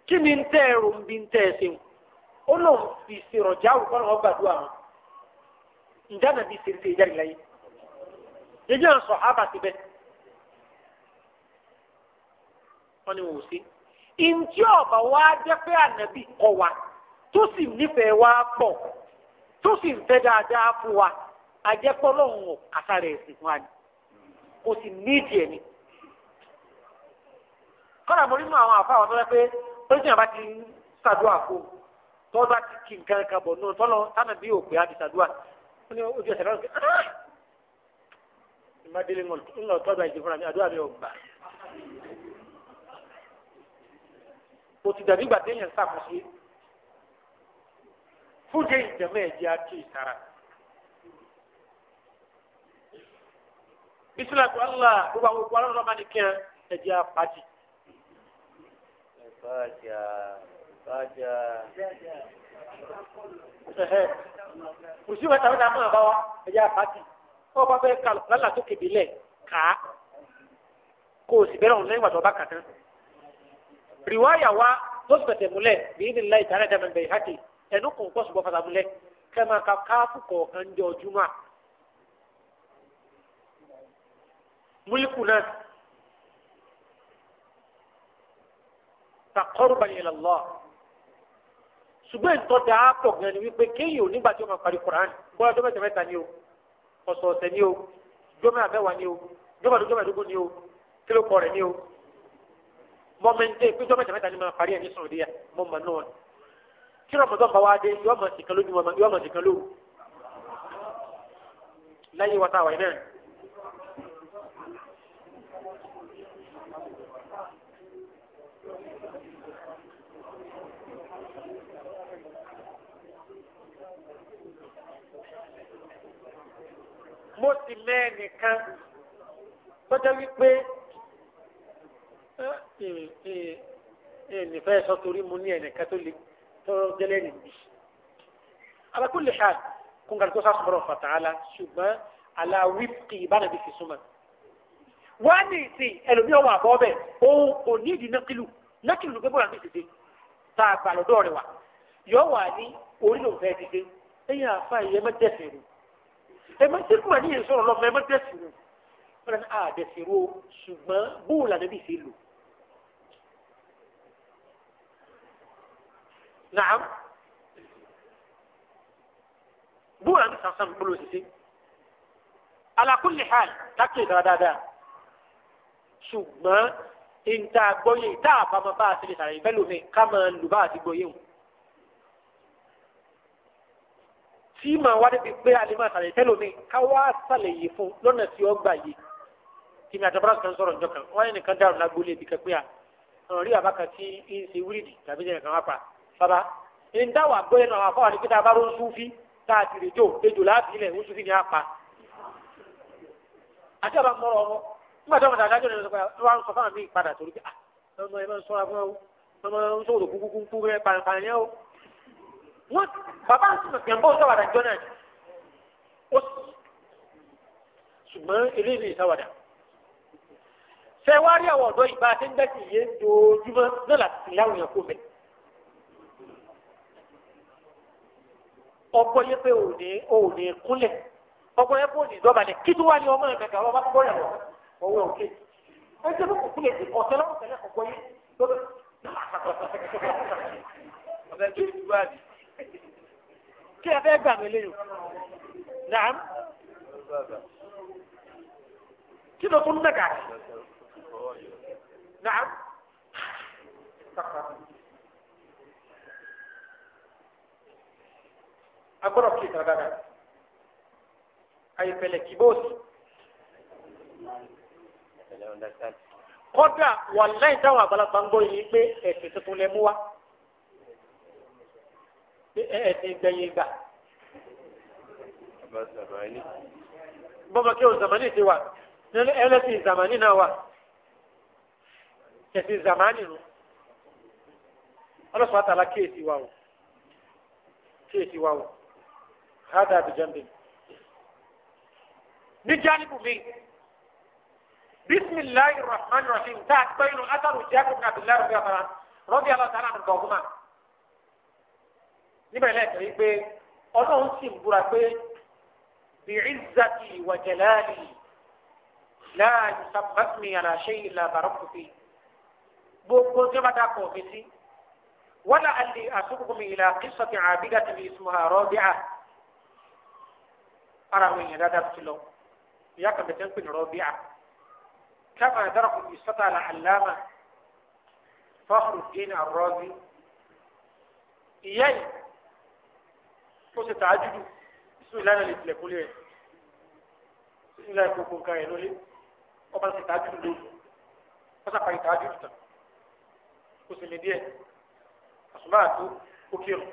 kí ni ń tẹ ẹrù ń bí ń tẹ ẹsẹ o ó lóun fi ṣèrànjá òkú ọ̀nà ọgbà dùn àwọn ǹjẹ́ nàbí ṣèrìṣẹ́ ìjáde láyé yẹjẹ àwọn sọ̀hábà ti bẹ wọ́n ni wò sí. tó sì ń fẹ́ dáadáa fún wa ajẹ́pọ́lọ́hún ò kàtàrà ẹ̀sìn fún wa ni kò sì ní ìdí ni. kọ́nà mo rí mú àwọn àfa àwọn tó yẹ pé pẹ́sìn àbá ti ń ṣàdúrà fún un tó bá ti kí nǹkan kan bọ̀ náà tánà bí òpè á ti ṣàdúrà ó ní ojú ẹsẹ̀ ah! ńlọ fúnra mi àdúrà mi ò gbà. fúdé ìjẹmọ ẹjẹ àti ìsara bísílá Allah, ala gbogbo àwọn òkú alọ́dọ́ máa ní kíá ẹjẹ apájì. ìbájà ìbájà. kò sí wàtá wàtá máa bá wa ẹjẹ apájì kó o bá fẹ́ kà lálà tó kébì lẹ̀ kà kó o sì bẹ̀rẹ̀ òun lẹ́yìn wàtá ọba kàtán. rìwáyà wa lọ́sibẹ̀tẹ̀ múlẹ̀ bí ní láì tààrà dàmẹ́ bẹ̀rẹ̀ hàkì ẹnu kò kọ́ ṣùgbọ́n fatamulẹ̀ kẹ́mà ka káàpù kọ̀ọ̀kan jọ juma múlíkù náà takọ́rùbà ila Allah ṣùgbọ́n ìtọ́ da pọ̀ gan ni wípé kéèyàn onígbà tí ó máa parí Qur'an bóyá ọjọ́ mẹ́ta mẹ́ta ni o ọ̀sọ̀ọ̀sẹ̀ ni o jọ́mọ́ àbẹ́wà ni o jọ́mọ́ àdúgbò àdúgbò ni o kílò kọ̀ ni o mọ́mẹ́ntẹ́ pé jọ́mọ́ àtàmẹ́ta ni máa parí ẹ̀ ní sọ̀rọ̀ díẹ̀ mọ́mọ́ náà tí rọmọdún bá wá dé yọọ mọ nìkan lójú wọn yọọ mọ nìkan lóru lẹ́yìn wọta wáyé náà. mo sì mẹ́ẹ̀nìkan tọ́jọ́ wípé ẹ̀ ẹ̀ ẹ̀ nìfẹ́ sọ torí mo ní ẹnìkan tó le tó gẹ́lẹ́ ni ala kulli hal kunkan tó sá subhanahu wa ta'ala ṣùgbọ́n ala wípé ìbánabí fi súnmọ́ wọ́n ní ìsìn ẹlòmí ọ̀wọ́ àbọ̀ bẹ́ẹ̀ òun kò ní ìdí nákìlù nákìlù ló gbẹ́bọ̀ àti ìsìn tá a gbà lọ́dọ̀ rẹ̀ wá yọ wà ní orí ló fẹ́ dìde ẹ̀yìn àfa ìyẹn mẹ́ tẹ̀sìn rò ẹ̀ mẹ́ tẹ̀sìn rò ní ìsọ̀rọ̀ lọ́mọ ẹ̀ mẹ́ tẹ̀sìn rò wọ́n ní àdẹ̀sìn rò ṣùgbọ́n bóòlù àdẹ́bí ìsìn lò نعم، bóyá ní sàǹsàn gbọ́dọ̀ òṣìṣẹ́ ala kulli hal káàkiri dára dáadáa ṣùgbọ́n ìta gbọ́yé ìta àbámọ́ bá a ti lè sàrẹ̀ ìfẹ́ lómi ká máa lù bá a ti gbọ́yé wọn. tí màá wá débi pé a lè máa sàrẹ̀ ìfẹ́ lómi ká wá sàlẹ̀ yìí fún lọ́nà tí ó gbà yìí. kìmí àtàbárà kan sọ̀rọ̀ ǹjọ́ kan wọ́n yẹn nìkan dárò lágbólé ibi kan pé à ọ̀rọ̀ rí àbá kan tí baba nta wà gbé náà wà fọwọ́ ni pété abáró ń súnfí tá a ti rè jò ejò láti ilẹ̀ ń súnfí ni a pa àti àbá mọ̀rọ̀ ọmọ nígbà tí wọn sàdájọ́ nínú sọ wọn sọ fáwọn míì padà torí pé ah ọmọ ẹ máa ń sọ́ra fún ọ ọmọ ń sọ̀rọ̀ kúkúkú kú rẹ pàrẹ̀pàrẹ̀ yẹn o wọn bàbá ń sùn kẹ̀ ń bọ́ sọ̀wádà jọ náà ó ṣùgbọ́n eléyìí lè sọ̀wádà fẹ́ wá rí àwọn ọ̀dọ́ ìgbà tí ń dẹ́kun yé dojoojúmọ́ náà láti láwùjọ kó bẹ́ẹ̀. ọgbọ yẹ pé òní òní kúnlẹ̀ ọgbọ yẹ pé òní ìdọba lẹ kí tó wá ní ọmọ rẹ gàgà wọn bá kọ yàrá ọwọ́ òkè ẹ jẹ kókò kúnlẹ̀ sí ọtẹ lọ́wọ́ tẹ́lẹ̀ ọgbọ yẹ lọbẹ ọbẹ tó ti wá di kí ẹ fẹ́ gbà mí lẹ́yìn nàám kí ló tún nàgà nàám. agbọ́dọ̀ kí ìtara dáadáa àyẹ̀fẹ̀lẹ̀ kì bóòsì. kọ́dà wà láì táwọn àgbàlagbà ń gbọ́ yìí pé ẹ̀sìn tuntun lè mú wa ẹ̀sìn gbẹ̀yìn gbà. bọ́mọ kí o zamani ti wà ẹlẹ́sìn zamani náà wà ẹ̀sìn zamani nù ọlọ́sọ̀ọ́ àtàlà kéèsì wa o kéèsì wa o. هذا بجنب بجانب مين بسم الله الرحمن الرحيم تحت بين أثر جابر بن عبد الله رضي الله عنه رضي الله تعالى عنه قوما níbẹ̀ lẹ́ẹ̀kan yìí pé ọlọ́run sì ń búra pé bi'izzati wa jalali la yusammasmi ala shay'in la baraktu fi gbogbo tí wọ́n bá dáa kọ̀ mí sí wala alli asukkum ila qissati 'abidatin ismuha rabi'ah ara àwọn èèyàn dáadáa tó ti lọ ìyá kan bẹ̀tẹ̀ ń pè ní rọ́bíà kama darakun ìsọ́tà àlà àlámà Fakhruddin Ar-Razi ìyá yìí ó ṣe tààjúdù ìsúwìn lánàá lè tilẹ̀ kúlẹ̀ ìsúwìn lánàá gbogbo nǹkan ẹ̀ lólé ọba ṣe tààjúdù lóṣù ó sàpàyè tààjúdù tán kò sì lè díẹ̀ àsùnmáà tó ó kírun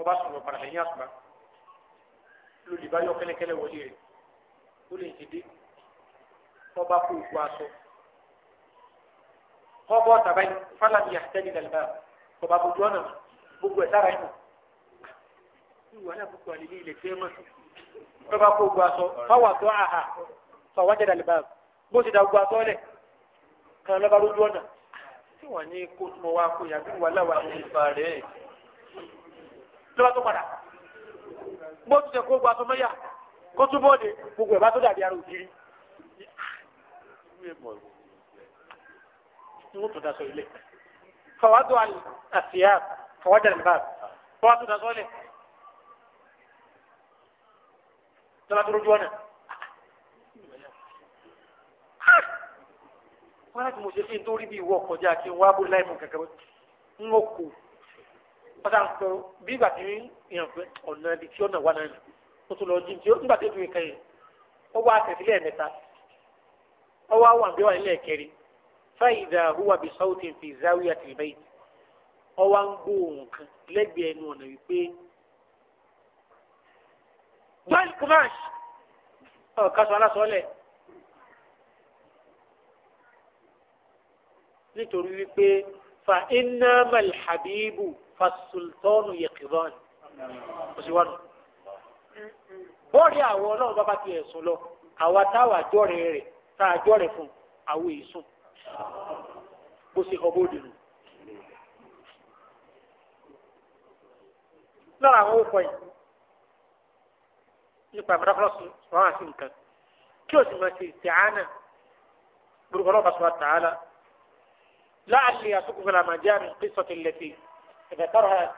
ọba sọ̀rọ̀ padà lẹ́yìn àtúmá lórí bá yọ kẹ́lẹ́kẹ́lẹ́ wọlé rẹ̀ ó lè ti dé ọba kó òkú aṣọ kọ́bọ̀ tàbá yìí fálàmì àtẹ́lẹ̀ nàlùbá ọba bójú ọ̀nà gbogbo ẹ̀ sára yìí ìwà alábùkù àlèlé ilẹ̀ fẹ́ mọ̀ ọba kó òkú aṣọ fáwọn àtọ́ àhà fàwájẹ́ nàlùbá bó ti da òkú aṣọ lẹ̀ kàn lọ́ba lójú ọ̀nà tí wọ́n ní kó tó wá kó yàgbé wàhálà wà ní ìfà rẹ̀ lọ́ba tó padà bó tún ṣe kó gba tó mẹ́yà kó tún bóde gbogbo ẹ̀ bá tó dàbí ara ògiri. wọ́n tún daṣọ ilé fọwọ́dọ̀ àṣìyá fọwọ́dọ̀ àlùbá fọwọ́ tún daṣọ ilé tọ́lá tó rojú ọ̀nà. wọ́n láti mo ṣe fi ń tó rí bí ìwọ kọjá kí n wá bó láìmù kankan ń wọ́n kù pátá ń pọ bí ìgbà tí yàn pé ọ̀nà ibi tí ọ̀nà wà náà ni ó tún lọ jí tí ó nígbà tó fi kàn yín ó wá àtẹ̀sílẹ̀ mẹ́ta ó wá wà bí nílẹ̀ kẹrin fáyidà huwa bí sọ́ọ̀tì fi záwí àtìlẹ́yìn ó wá ń gbóhùn kan lẹ́gbẹ̀ẹ́ ẹnu ọ̀nà wípé wọ́n kùmáṣ ọ̀kasọ alásọ̀ọ́lẹ̀ nítorí wípé fa iná malhabibu fasultọ́ọ̀nù yẹ̀kìrán kò sí wánu. bọ́ọ̀lì àwọn ọlọ́run bàbá ti ẹ̀sùn lọ àwa táwa jọ́rẹ̀ rẹ̀ tá a jọ́rẹ̀ fún àwọn èsùn bó ṣe kọ́ bóde nù. lọ́la àwọn òkò yìí nípa ìfọdàfọdàsọ wọn àti nǹkan kí o sì máa ṣe ìtìhánà gbogbo ọlọ́ọ̀bá sọ wa tààlà láàlì àtúkùfẹ́lá màjá mi pé sọ́tì ذكرها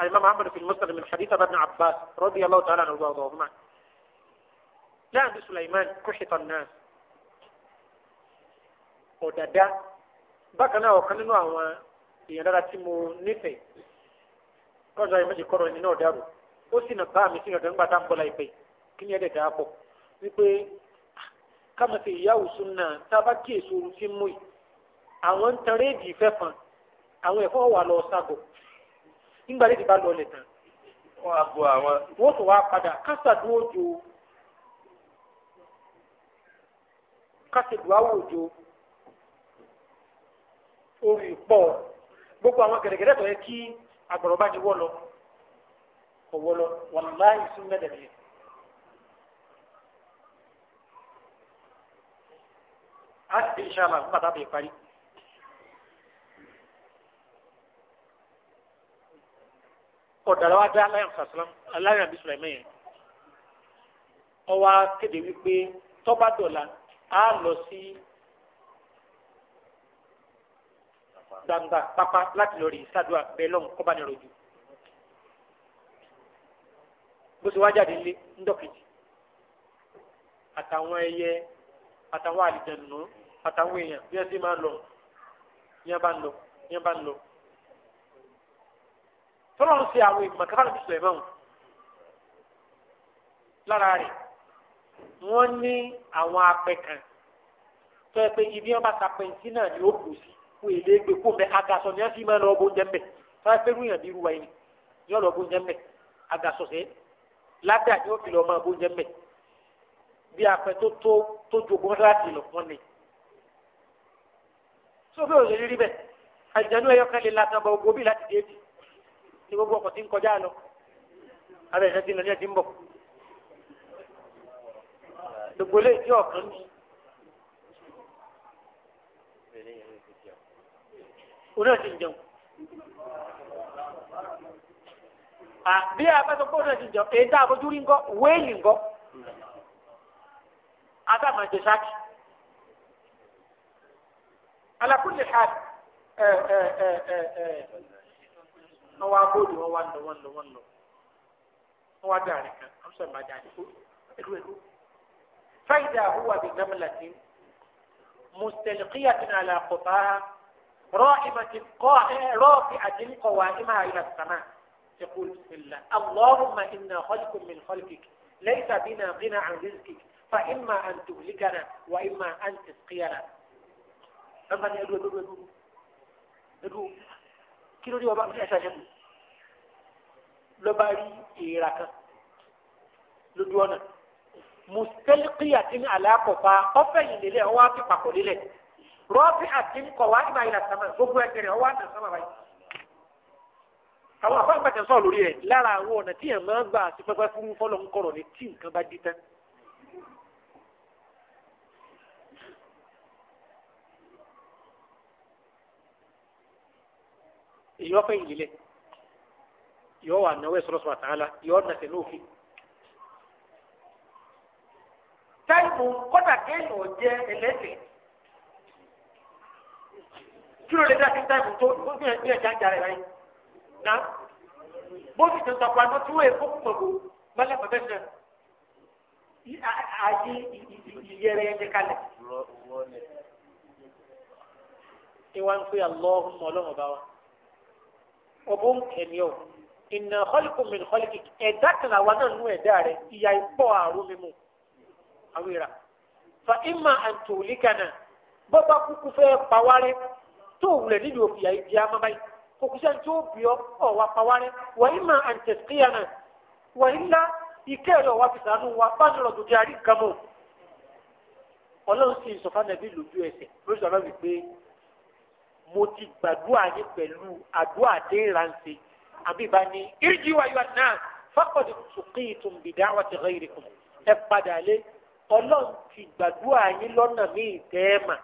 الإمام أحمد في المسند من حديث ابن عباس رضي الله تعالى عنه وأرضاهما لا أبي سليمان كحط الناس ọ̀dàdá bákan náà ọ̀kan nínú àwọn èèyàn dára tí mo nífẹ̀ẹ́ kọ́ńtà ìmọ̀jì kọ́rọ̀ ẹni náà dàrú ó sì nà bá mi sí ọ̀dọ̀ nígbà tá à ń bọ̀ láìpẹ́ kí ni ẹ̀dẹ̀ dàá pọ̀ wípé kámẹ́sì ìyáwó súnà tá a bá kíyèsí ooru tí ń mú yìí àwọn ń tan rédíì fẹ́ fan àwọn ẹ̀fọ́ wà lọ sago nígbà tí ìbá lọ lè tán. wọ́n á bo àwọn. wọ́n tún wá padà kásà jo gbogbo àwọn gẹ̀rẹ́gẹ̀rẹ́ tó yẹ kí agbọ̀rọ̀ bá ní wọ́ lọ ọ̀wọ́ lọ wàláhì sún a ti di ọ̀dàlọ́ wa dá aláyàn bí sùlẹ̀mẹ́ yẹn ọwọ́ akéde wípé tọ́ba dọ̀la á lọ sí gbangba pápá láti lọ rí sádùá bẹ́ẹ̀ lọ́hùn kọ́ba ní rojú bó ti wá jáde lé ńdọ́kejì àtàwọn ẹyẹ àtàwọn àlìjẹ̀nù àtàwọn èèyàn bí wọ́n ti máa ń lọ yẹn bá ń lọ yẹn bá ń lọ tọ́lọ́ ń ṣe àwọn ìgbìmọ̀ káfáàlì bí sùlẹ̀ mọ́hún lára rẹ̀ wọ́n ní àwọn apẹ kan tó yẹ pé ibi wọn bá ta pẹ̀ntì náà ni ó kù sí kó èlé gbé kó mẹ agasọ ni wọn fi máa lọ bó ń jẹ mẹ tó yẹ pé rúyàn bí ruwa yìí ni wọn lọ bó ń jẹ mẹ agasọ sẹ ládà ni wọn fi lọ máa bó jẹ mẹ bí apẹ tó tó tó jogún láti lọ fún ni sófin òṣèlérí bẹ àjẹnú ẹyọkẹlẹ látàbọ ogobi láti dé bi tí gbogbo ọkọ̀ ti ń kọjá lọ abẹ́ ìṣẹ́ ti ń lọ ní ẹ̀ ti ń bọ̀ gbogbo lè tí ọ̀kan ní. orí ẹ̀ ti ń jẹun àbí abẹ́sọ̀kọ́ orí ẹ̀ ti ń jẹun èyí tá a fojú rí ńkọ́ wéèlì ńkọ́ àtàwọn ẹ̀jẹ̀ sáàkì ala kulli hal ẹ̀ wọn wá bóòlù wọn wá ń lọ wọn lọ wọn lọ wọn wá dáa nìkan wọn sọ ma dáa nìkan ẹlú ẹlú. fáyidà àhúwà bíi gamlatin mustaliqiyatin ala qutaaha ra'imatin rafi'atin qawa'imaha ila as-sama' تقول بسم الله اللهم إنا خلق من خلقك ليس بنا غنى عن رزقك فإما أن تهلكنا وإما أن تسقينا. أما يدو يدو يدو يدو kí ló dé ọba ní ẹ̀sà ṣẹ́kù ló bá rí èèrà kan lójú ọ̀nà mùsítẹ́lìkì àti àlàkọ̀fà ọ̀fẹ́ yìí lélẹ̀ ọwọ́ àti pàkó lélẹ̀ rọ́ọ̀fì àti kọ̀wá ìmọ̀ ìlà sàmà gbogbo ẹgbẹ́ rẹ̀ ọwọ́ àti sàmà báyìí. àwọn afọ àgbàtà sọ̀rọ̀ lórí rẹ̀ lára àwọn ọ̀nà tí yẹn máa ń gbà sí pẹ́pẹ́ fún fọ́lọ́ ńkọ̀rọ̀ ní tí nǹkan bá dí tán. èyí wọ́n fẹ́ ìlílẹ̀ yọ wà náwó ẹ̀sọ́ lọ́sọ̀rọ̀ àtàlà yọ nàṣẹ lófin. táìmù kọ́dà kéèyàn jẹ́ ẹlẹ́sẹ̀ kí ló lè dá sí táìmù tó ní ẹ̀já ń jarẹ̀ láyé ná bó ti tẹ̀ sọ̀kọ̀ àná tí wọ́n èkó pọ̀gbọ̀ mọ́lẹ̀ pẹ̀fẹ́sẹ̀ ayé ìyẹrẹ ẹ̀jẹ̀ kalẹ̀. ìwà ń pè àlọ́ ọ̀hún ọlọ́run bá wa ọbọ nkẹni ọ ìnà xọlìkùn mi xọlìkì ẹ̀dá kan àwa náà nù ẹ̀dá rẹ ìyá ìpọ àrùn mi mu àwìrà fa ima àǹtòlì kanà bọba kúkú fẹ́ pawárẹ tó wulẹ nídìí òfin yà ìdí amábá yìí kòkùsẹ tí ó bìọ ọ wà pawárẹ wà ìmà àǹtẹsíkìyànà wà ìlà ìkẹ́ rẹ ọwà fìsànù wà bánirọ dòdì àrí gàmọ Ọlọ́run sì sọfà nàbí lójú ẹsẹ̀ lójú àbá wípé mo ti gbàdúrà yín pẹ̀lú àdúrà dé ìrànṣẹ́ àbíbá ni irji wa yọ náà faqad suqitum bi da'wati ghayrikum ẹ padà lé ọlọ́run ti gbàdúrà yín lọ́nà míì tẹ́ẹ̀mà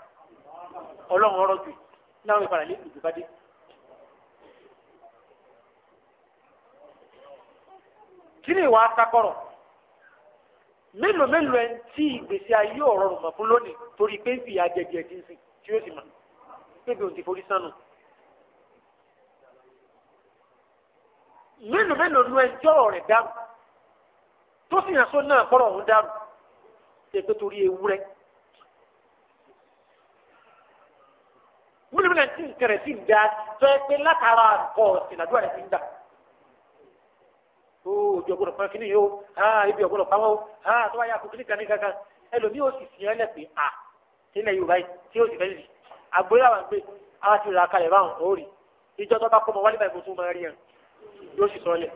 ọlọ́run ọ̀rọ̀ jù láwọn ìpadà lé ìdìbò bá dé. kí ni ìwà asakọ̀rọ̀ mélòó mélòó ẹ̀ ń tí ìgbésí ayé ọ̀rọ̀ rùmọ̀ fún lónìí torí pé ń fìyà jẹjẹ dín sí tí ó sì mọ̀ débi òun ti forí sánú. mélòó mélòó nu ẹjọ́ rẹ̀ dáhùn tó sì yàn só náà kọ́rọ̀ òun dáhùn ṣètò torí ewúrẹ́. múlùmí náà ti ń tẹ̀rẹ̀ sí ń da tó ẹ pé látara nǹkan ọ̀sìn àdúrà rẹ̀ ti ń dà. ó ojú ọgbọ́dọ̀ pọn kínní yìí ibi ọgbọ́dọ̀ pamọ́ ó tó wáyé àkókò kan ní kankan ẹlòmíì ó sì fi ẹ́ lẹ́pẹ́ à nílẹ̀ Yorùbá yìí tí ó sì fẹ́ lè àgbóyà wà gbé ara ti rà kalẹ̀ báwọn ò rí ìjọ tó bá kọ́ mọ wálé báyìí kó tún máa rí hàn yóò sì sọ lẹ̀.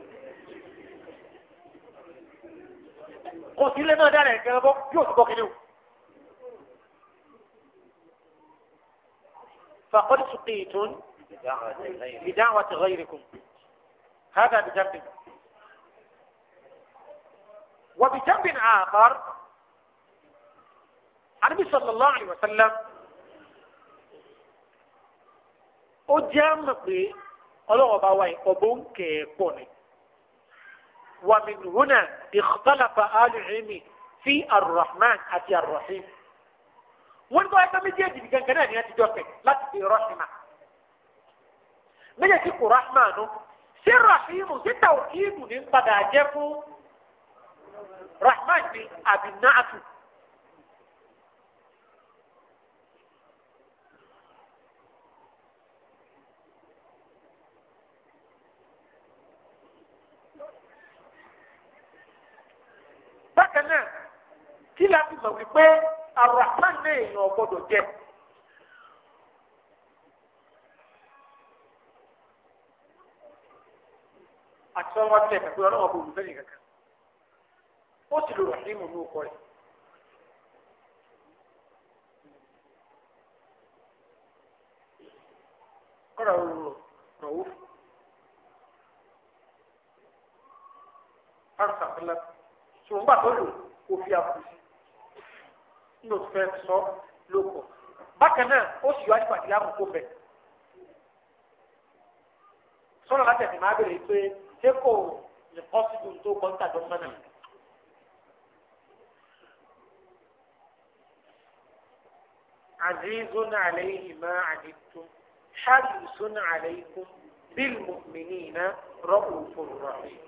kò sí ilé náà dára ẹ̀kẹ́ bọ́ yóò ti bọ́ kí ni o. فقد سقيتم بدعوة غيركم هذا بجنب وبجنب آخر النبي صلى الله عليه وسلم ó jẹ́ àmọ̀ pé ọlọ́wọ́ bá wá ìkọ̀ bó ń kẹ̀ ẹ́ pọ̀ ni. ومن هنا اختلف آل العلم في الرحمن أتي الرحيم wọ́n tó ẹgbẹ́ méjèèjì nìkan kan náà ní ẹtì jọ́sẹ̀ láti fi rọ́ṣìmà méjèèjì kò rọ́ṣìmàánú ṣé rọ́ṣìmù ṣé tàwọn ìlú ní padà jẹ́ fún rọ́ṣìmàánú àbí náàtù sọ wípé Ar-Rahman ní èèyàn gbọ́dọ̀ jẹ. àti wọn wá tẹ ẹgbẹ́ ọlọ́wọ́ bò olùfẹ́ yìí kankan ó sì lò Rahimu ní ọkọ rẹ̀. kọ́ra òru rọ̀ wó. Ansa fúnlá. Sùgbọ́n gbà tó lò ó fi àbùsí ló fẹ́ sọ lóko bákan náà ó sì wájú àti lákòókò bẹ̀ sọ́nà láti máa bèrè pé ṣé kò lè pọ́sibú tó kọ́ńtà tó mọ́nà. عزيز عليه ما عنتم حريص عليكم بالمؤمنين رؤوف رحيم.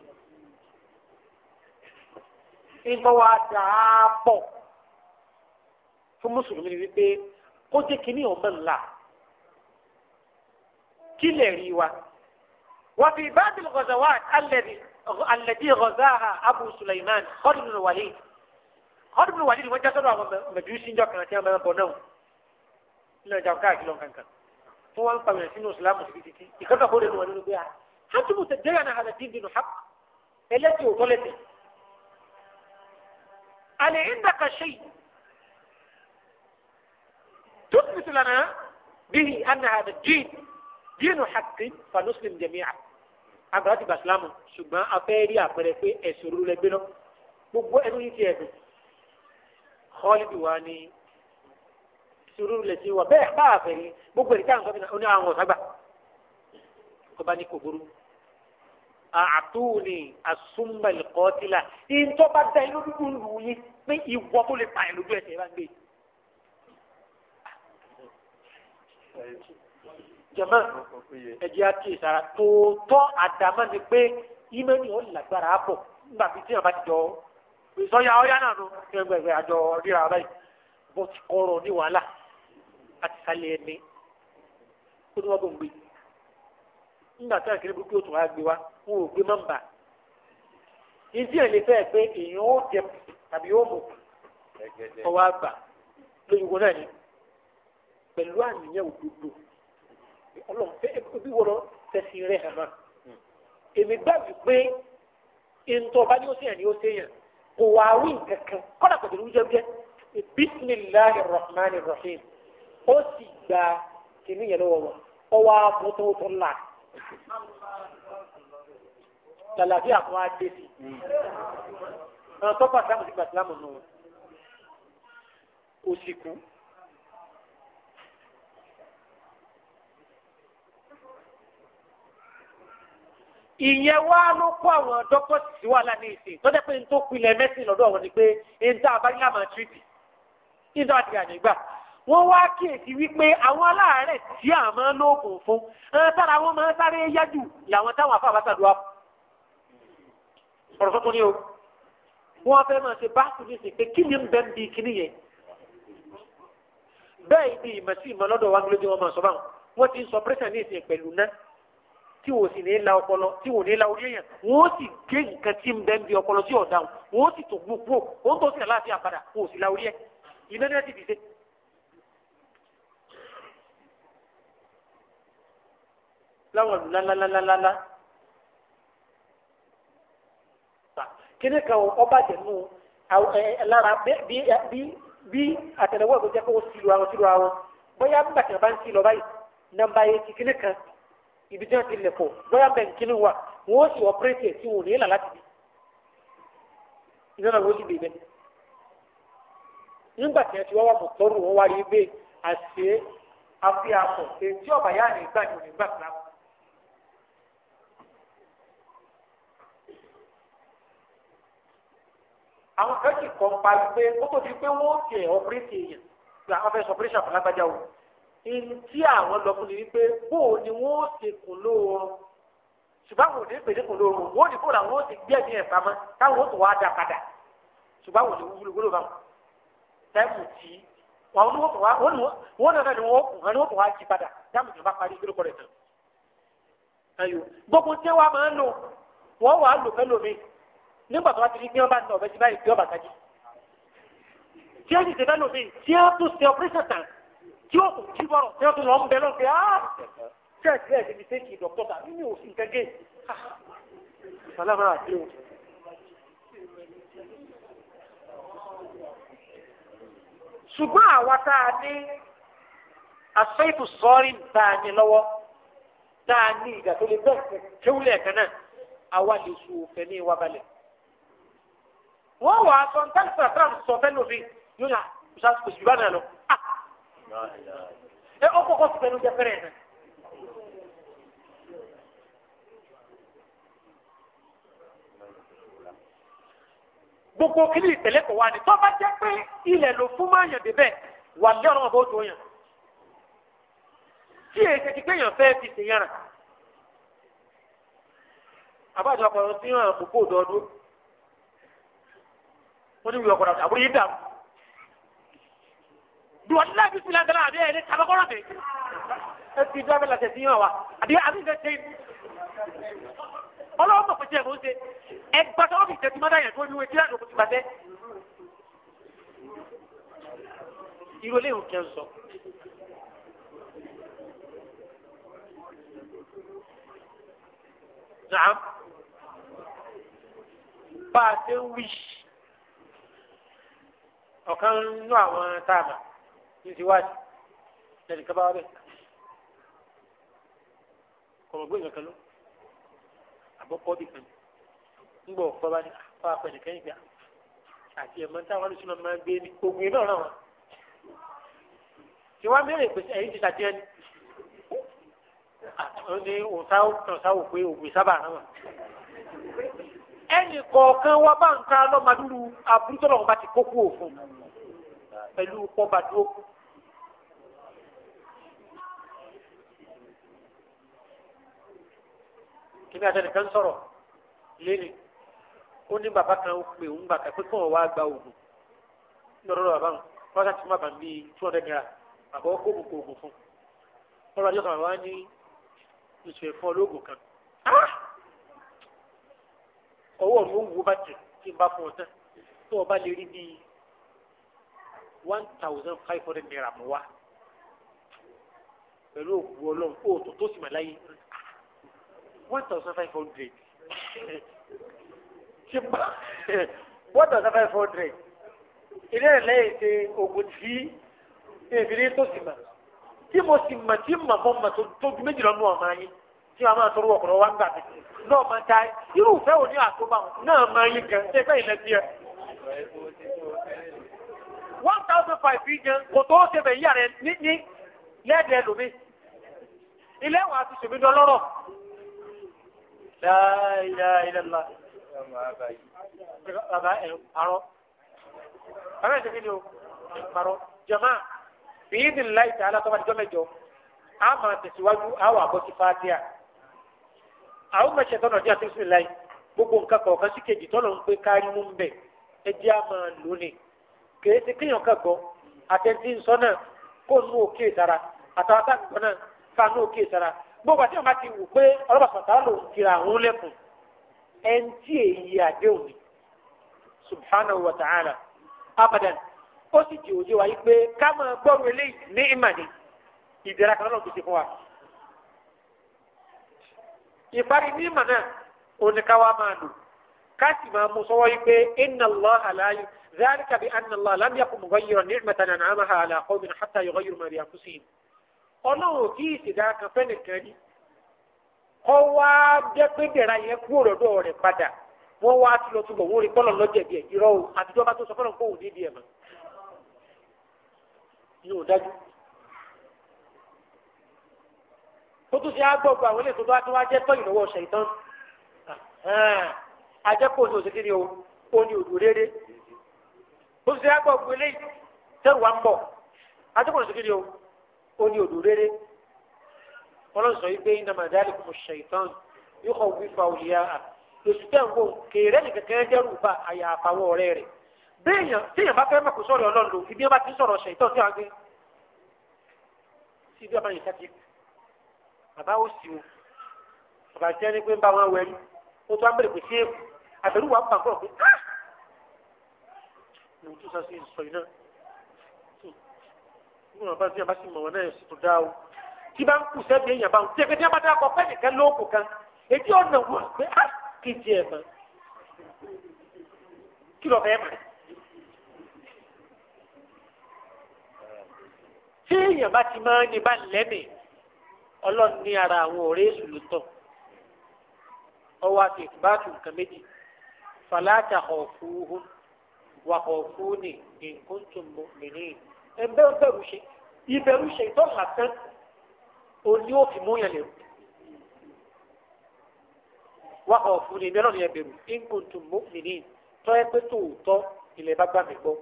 إن هو تعاقب fún mùsùlùmí ni wípé kó jẹ́ kínní ọmọ ńlá kí lè rí wa. وفي بعض الغزوات الذي التي غزاها أبو سليمان خالد بن الوليد خالد بن الوليد وجه سرعة مجوسين جاك نتيا من بنو لا جاك كيلون كان كان هو أن قبل سنو سلام مسكتي يكذا هو اللي نقول بيها حتى متجرنا هذا الدين دين حق التي وطلت هل عندك شيء تثبت لنا به أن هذا الدين دين حق فنسلم جميعا agbára ti gba silamu ṣùgbọ́n afẹ́ rí àpẹẹrẹ pé ẹ̀sùn olú lẹgbẹ́ lọ gbogbo ẹnu yìí ti ẹ̀dùn kọ́lìdì wa ni sùúrù lè ti wà bẹ́ẹ̀ bá àfẹ́ rí gbogbo ẹ̀rí táwọn sọ́kìnà ó ní àwọn ọ̀sán gbà kó bá ní kò burú àtúni asúmbàlì kọ́tìlà ìtọ́ bá da inú dúdú lù yín pé ìwọ tó lè pa ẹ̀ lójú ẹ̀sẹ̀ bá ń gbé yìí. jẹmọ ẹjẹ àti ìsara tòótọ́ àdàmọ ni pé ìmọ̀ni ò lágbára àbọ̀ nígbà tí tí a bá ti jọ ìsọyà ọyá náà nù ẹgbẹgbẹ àjọ ríra báyìí bó ti kọrọ ní wàhálà àti sálẹ ẹni kó tó wá bò ń gbé nígbà tí àkèrè burúkú yóò tún wá gbé wá wọn ò gbé mọ́mbà ìdí ẹ̀ lè fẹ́ pé èèyàn ó jẹ tàbí ó mú ọwọ́ àgbà lóyún wọn náà ni pẹ̀lú àníyàn òdodo ọlọ́run fẹ́ bí wọ́n fẹsí rẹ̀ hàn máa èmi gbà wípé ntọ́ba ni ó sèyàn ni ó sèyàn kò wá wí kankan kọ́nà pẹ̀lú jẹ́jẹ́ bisimilahi rahman rahim ó sì gba kìnnì yẹn lọ́wọ́ wọn ọwọ́ abótótó ńlá lalabi àwọn adéfi ọ̀nà tó pàṣẹ àmọ̀ sí pàṣẹ àmọ̀ nù ó sì kú. ìyẹn wá ló kó àwọn dọ́kítọ̀sì sí wàhálà ní ìsìn tó jẹ́ pé n tó pilẹ̀ mẹ́sìn lọ́dọ̀ àwọn ni pé n tá a bá yá máa tìrìtì kí n tó àti àná gbà. wọ́n wá kíyèsí wípé àwọn aláàárẹ̀ tí a máa ń lóògùn fún ẹn tára wọn máa ń sáré yájú làwọn táwọn afá sàdúrà fún. ọ̀rọ̀ tuntun ni o wọ́n fẹ́ máa ṣe báàkì ní ìsìn pé kí ni ń ń bi kíní yẹn. bẹ́ẹ̀ ni ìmọ̀ sí ìmọ̀ lọ́dọ̀ wa ń tí wò sì ní la ọpọlọ tí wò ní la orí èèyàn wọn ó sì gé nǹkan tí ń bẹ ń bi ọpọlọ tí ọ̀dà wọn ó sì tó gbogbo ó ń tó sí àláàfin àpadà wọn ò sì la orí ẹ iná ní ẹtì dìde. láwọn ìlú lálálálálá kíni kan ọba jẹnu lára bí àtẹnẹwọ́ ìgbọ́jẹ́ kó sílu àwọn sílu àwọn bóyá bàtà bá ń sílọ báyìí nàmbá yẹn ti kíni kan ibi tí wọ́n ti lẹ̀ pọ̀ bóyá bẹ̀ǹkìlì wa wọ́n sì ọ̀pẹ́rẹ́tì ẹ̀ tí wọ́n lè là láti bí iná náà wọ́n sì bèbẹ́ nígbà tí wọ́n ti wá wà mọ̀ tọ́rù wọn wá rí bẹ́ẹ̀ àṣẹ afi akọ ètí ọba yá ni ìgbà yóò ní gbà fúlà. àwọn kan sì kọ́ ń parí pé kótó ti pé wọ́n tiẹ̀ ọ̀pẹ́rẹ́tì èèyàn àwọn fẹ́ sọ àfọlágbájá o ẹni tí àwọn lọ fún ni wípé bó o ni wọ́n ó ṣe kùn lóorun ṣùgbọ́n àwọn ò ní pèsè kùn lóorun wọ́n ò ní kó làwọn ó ti gbé ẹ̀mí ẹ̀ pamọ́ táwọn ó tún wá dá padà ṣùgbọ́n àwọn ò ní wúlò wúlò báwọn táìmù tí wọn ní wọ́n tún wá wọ́n náà ni wọ́n kùn wọn ni wọ́n tún wá jí padà táìmù tí wọ́n bá parí ìgbéró kọ́ rẹ̀ tán. gbogbo tí wọ́n máa ń lò wọ́n wàá lò fẹ́ lómi nígbà tó wá ti rí bí wọ́n bá ń tí ó kò tí bọ̀rọ̀ tí ó tún lọ ń bẹ lọ́kẹ́ á kẹ́ẹ̀kẹ́ ẹ̀ débi tẹ́kì dọ́kítọ́ tà nínú òfin gẹ́gẹ́ sálámà àti òun. ṣùgbọ́n àwa tá a ní asẹ́ìtù sọ́ọ́rí tá a ní lọ́wọ́ tá a ní ìgbà tó lè bẹ́ẹ̀ kéwúlẹ̀ kan náà àwa lè su òfẹ́ ní ìwà balẹ̀. wọ́n wàá sọ ní tẹ́lifíṣà tó ń sọ fẹ́ lófin yóò yà kùsà kùsùbá náà lọ ẹ ọkọ kọ sí pẹ̀lú jẹfẹrẹ náà. gbogbo kìlì ìtẹ̀lẹ́ kò wá ní tó bá jẹ́ pé ilẹ̀ ló fún máa yàn débẹ̀ wà lé ọ̀rọ̀ ọ̀bọ̀ tó yàn tí èyí ṣe ti pé yàn fẹ́ fi ṣe yàrá àbájọ ọkọ̀ tí yàn kò kó òdòdó wọ́n ní wíwọ́ ọkọ̀ àbúrò yìí dàrú duwala bisimila dala a bɛ yɛlɛ tabakɔrɔ fɛ e ti dɔ bɛ lase si ma wa a bɛ a bɛ kɛ ten ọlọ́wọ́ mọ̀ pẹ̀sẹ̀ kò ń ṣe ẹgbàá sọ́wọ́ fi tẹ̀sí mọ́tà yẹn tó ní wọ́n ti láti òkùnkùn pàṣẹ. ìrọ̀lẹ́ òkè ń sọ. Nàá bá a ṣe ń wí ọ̀kan àwọn táàmù ìsíwájú lẹ́yìn kaba wa bẹ́ẹ̀ kọ̀mọ̀ gbé nǹkan lọ àbọ̀kọ́ bí kan ńgbọ̀ bàbá ni àwọn apẹ̀nìkan yìí gbà àti ẹ̀mọ́ táwọn alùsùn náà máa gbé ní gbogbo iná náà wọn. tí wọ́n mẹ́rin pèsè ni àwọn ní òǹsáwò òǹsáwò pé ògùn sábà rán wọn. ẹnì kọ̀ọ̀kan wa bá ń ka lọ́mọdúró àbúrútọ́ lọ́wọ́ bá ti kókó òfin. pẹ̀lú kọ́ba dúró. kí ni àtẹnìkan sọ̀rọ̀ lẹ́nu ó ní bàbá kan ó pè òun gbàgbà pé kóun wá gba oògùn lọ́dọ̀ bàbá wọn wọ́n sá fún bàbá bíi two hundred naira àbọ̀ oògùn kó oògùn fún kan wá ní olóògùn kan ah! ọwọ́ mi bàjẹ́ n bá fún ọ tán tó one thousand five hundred naira mú wa pẹ̀lú òkú ọlọ́run o tó tó sì mà láyé one thousand five hundred (laughs) ṣe pa (laughs) one thousand five hundred ilé rẹ̀ lẹ́yìn ṣe oògùn tí èbìrì tó sì mà tí mo sì mà tí mà mọ́ mà tó ju méjì lọ́nu ọ̀ma yín tí wàá máa tọrọ ọkùnrin wa ń gbà mí náà máa ta irúfẹ́ òní àtọ́bà náà máa yín gan ṣe fẹ́ ìlẹ́sí ẹ one thousand five yìí jẹun kò tó ṣe bẹ̀ yíyà rẹ ní ní lẹ́ẹ̀dẹ̀ lómi ilé wa ti ṣòbí dán lọ́rọ̀ láyà ilẹ̀ ńlá bàbá ẹ̀ parọ́ bàbá ẹ̀ o parọ́ jama bíi ní láì tà alátọ́ bá ti dọ́mẹ̀jọ a máa tẹ̀síwájú àwọn àbọ̀tí fàtíà àwọn ọmọ ìṣẹ̀tọ́ náà jẹ́ àti bísí láì gbogbo nǹkan kọ̀ọ̀kan sí kejì tọ́lọ̀ ń pé kárí mú ń kèé ti kéèyàn kẹ́kọ̀ọ́ àtẹ̀tí ń ko náà kó nú òkè ìtara àtàwọn àtàgbọ̀n náà fa nú òkè ìtara gbogbo àti ti wù pé ọlọ́pàá sọ̀tàrà lòun kiri àwọn lẹ́kùn ẹn tí èyí àdéhùn ni wa ta'ala abadan ó sì ti òye wa yìí pé ká eléyìí ní ìmàdí kan lọ́nà fún ìparí ní náà ni máa lò ká sì máa mú sọ́wọ́ yìí pé ذلك بأن الله لم يكن مغيرا نعمة أنعمها على قوم حتى يغيروا ما بأنفسهم ọlọ́run kí ìsìdá kan fẹ́ nìkan ni kọ́ wá jẹ́ pé dẹ̀ra yẹn kú òròdó rẹ̀ padà wọ́n wá tilọ̀ túbọ̀ wọ́n rí kọ́lọ̀ lọ́jẹ̀ bí ẹ̀ irọ́ o àtijọ́ bá tó sọ kóhùn ẹ̀ mọ́ ni ò dájú. tó tún ṣe àwọn o ó ó fi ṣe àgbọ̀ gbélé tẹ̀rù wa ń bọ̀ àtúkùn sókèrè o ó ní odò rere ọlọ́sọ yìí pé iná màdálì kò ṣèitán yóò kọ́ wífa òlìyá a lòsù tẹ̀ ń wò kéré nìkan kẹ́rẹ́ dẹ́rù bá àyà àfàwọ̀ ọ̀rẹ́ rẹ̀ béèyàn téèyàn bá fẹ́ mọ̀kò sọ̀rọ̀ ọlọ́run lò ibi wọn bá ti sọ̀rọ̀ ṣèitán tí wọn gbé síbi ọba yìí sábì bàbá ó sì o bàbá jẹ́ ní pé ń bá wọn wẹ̀rí ó tó á bẹ̀rẹ̀ pèsè àbẹ̀rù wà bàbá ọ̀ pé ah mo tún sọ sí ìsọ iná nígbà bá tí a bá sì mọ̀ wọn náà sì tó dá o tí bá ń kù sẹ́bi èèyàn bá ń tẹ́ kẹ́tẹ́ bá dákọ̀ pẹ́ nìkan lóògùn kan èdè ọ̀nà wọn pé á kì di ẹ̀ mọ́ kí lọ́ọ́ fẹ́ mọ́ tí èèyàn bá ti máa ń ní bá lẹ́mìí ọlọ́run ní ara àwọn ọ̀rẹ́ èṣù ló tọ̀ ọwọ́ àti ìtìbáàtù nǹkan méjì fàlàtà ọ̀fù hùn wàhọ̀fúnì nǹkan mìíràn ẹgbẹ́ bẹ̀rù ṣe ìbẹ̀rù ṣe ìtọ́ làtàn òní ó fi mú yẹn lè wàhọ̀fúnì mìíràn yẹn bẹ̀rù nǹkan mìíràn tọ́ ẹ pé tòótọ́ ilẹ̀ bá gbà mí gbọ́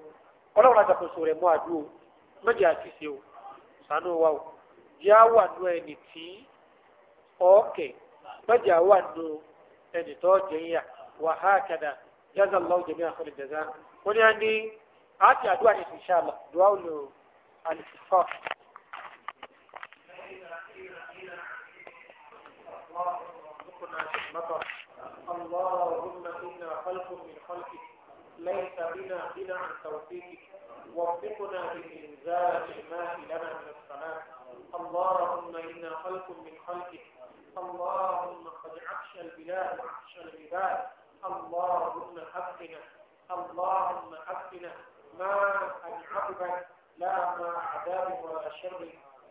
ọlọ́run àjàkóso rẹ̀ mú àdúró méjì àṣìṣe o sànú wa o yá wà nù ẹni tí ọ̀ọ́kẹ́ méjì àwọn àdúró ẹni tó jẹ́ yà wàhálà kẹ́dà jazallahu jami'a khairul jazaa. ولي عندي عاد ní àti ان شاء الله dùá على lò اللهم إنا خلق من خلقك ليس بنا غنى عن توفيقك وفقنا بإنزال الماء لنا من السماء اللهم إنا خلق من خلقك اللهم قد عفش البلاد وعفش العباد اللهم أبقنا اللهم عفنا ما أن لا ما عذاب ولا شر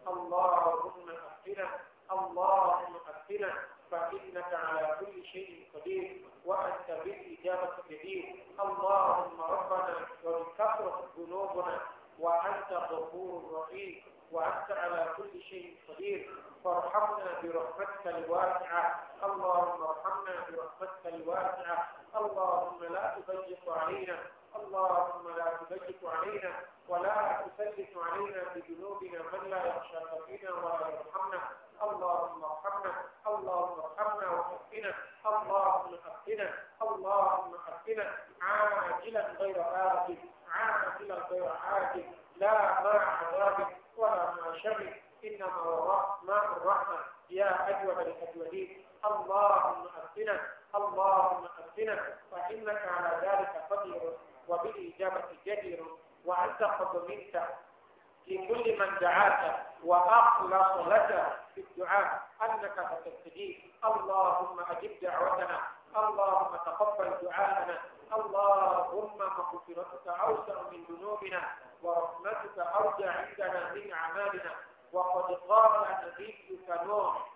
اللهم أفنا اللهم أفنا فإنك على كل شيء قدير وأنت بالإجابة جديد اللهم ربنا ومن كثرة ذنوبنا وأنت غفور رحيم وأنت على كل شيء قدير فارحمنا برحمتك الواسعة اللهم ارحمنا برحمتك الواسعة اللهم لا تضيق علينا اللهم لا تضيق علينا ولا تسلط علينا بذنوبنا من لا يخشاك فينا ولا يرحمنا اللهم ارحمنا اللهم ارحمنا وحقنا اللهم حقنا اللهم حقنا عاجلا غير آجل عاجلا غير آجل لا مع عذابك ولا مع شرك إنما ماء الرحمة يا أجود الأجودين اللهم أفتنا اللهم أفتنا فإنك على ذلك قدير وبالإجابة جدير وأنت قد منك لكل من دعاك وأخلص لك في الدعاء أنك ستستجيب اللهم أجب دعوتنا اللهم تقبل دعاءنا اللهم مغفرتك أوسع من ذنوبنا ورحمتك أرجى عندنا من أعمالنا وقد قال نبيك نوح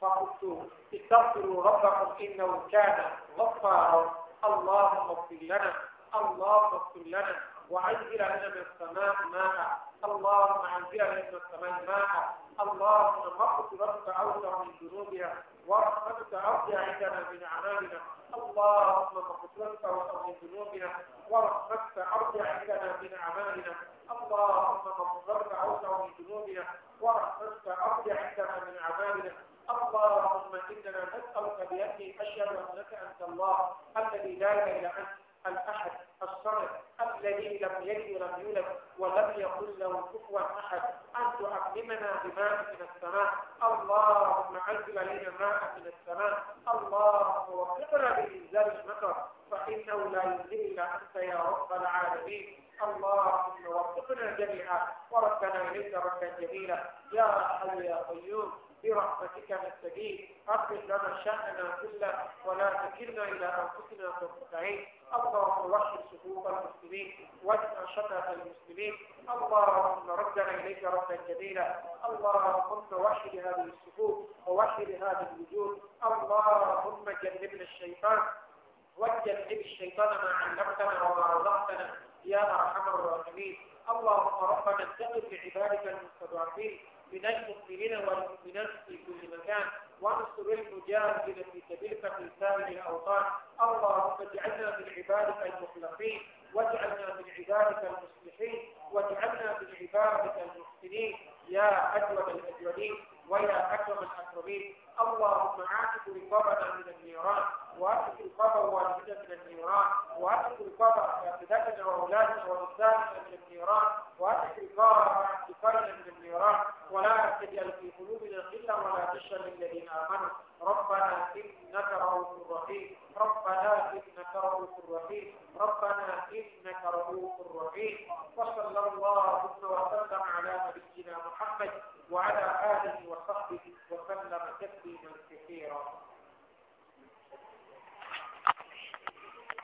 فقلت استغفروا ربكم انه كان غفارا اللهم اغفر لنا اللهم اغفر لنا وانزل لنا من السماء ماء اللهم انزل لنا من السماء ماء اللهم مقت ربك اوسع من ذنوبها ورحمتك ارجع عندنا من اعمالنا اللهم مقت ربك اوسع من ذنوبنا ورحمتك ارجع عندنا من اعمالنا اللهم مقت ربك اوسع من ذنوبنا ورحمتك ارجع عندنا من اعمالنا اللهم إننا نسألك بأني أشهد أنك أنت الله الذي لا إله إلا أنت الأحد الصمد الذي لم يلد ولم يولد ولم يكن له كفوا أحد أن تعلمنا بماء من السماء اللهم أنزل علينا ماء من السماء اللهم وفقنا بإنزال المطر فإنه لا ينزل إلا أنت يا رب العالمين اللهم وفقنا جميعا وردنا إليك ردا جميلا يا حي يا قيوم برحمتك نستجيب أصلح لنا شأننا كله ولا تكلنا إلى أنفسنا طرفة اللهم وحش صفوف المسلمين واسع شتات المسلمين اللهم ردنا إليك ردا جميلا اللهم وحش لهذه الصفوف ووحش هذا الوجود اللهم جنبنا الشيطان وجنب الشيطان ما علمتنا وما رزقتنا يا أرحم الراحمين اللهم ربنا في عبادك المستضعفين من المؤمنين والمؤمنات في كل مكان وانصر المجاهدين في سبيلك في سائر الاوطان اللهم اجعلنا من عبادك المخلصين واجعلنا من عبادك المصلحين واجعلنا من عبادك المحسنين يا اجود الاجودين ويا اكرم الاكرمين اللهم عاتب رقابنا من النيران وأترك القبر واجبة من النيران وأترك القبر كافدة وأولادنا ونسائنا من النيران وأترك القبر بقرن من النيران ولا تجعل في قلوبنا غلا ولا تشر للذين آمنوا ربنا إنك رؤوف رحيم ربنا إنك رؤوف رحيم ربنا إنك رؤوف رحيم وصلى الله وسلم على نبينا محمد وعلى آله وصحبه وسلم تسليما كثيرا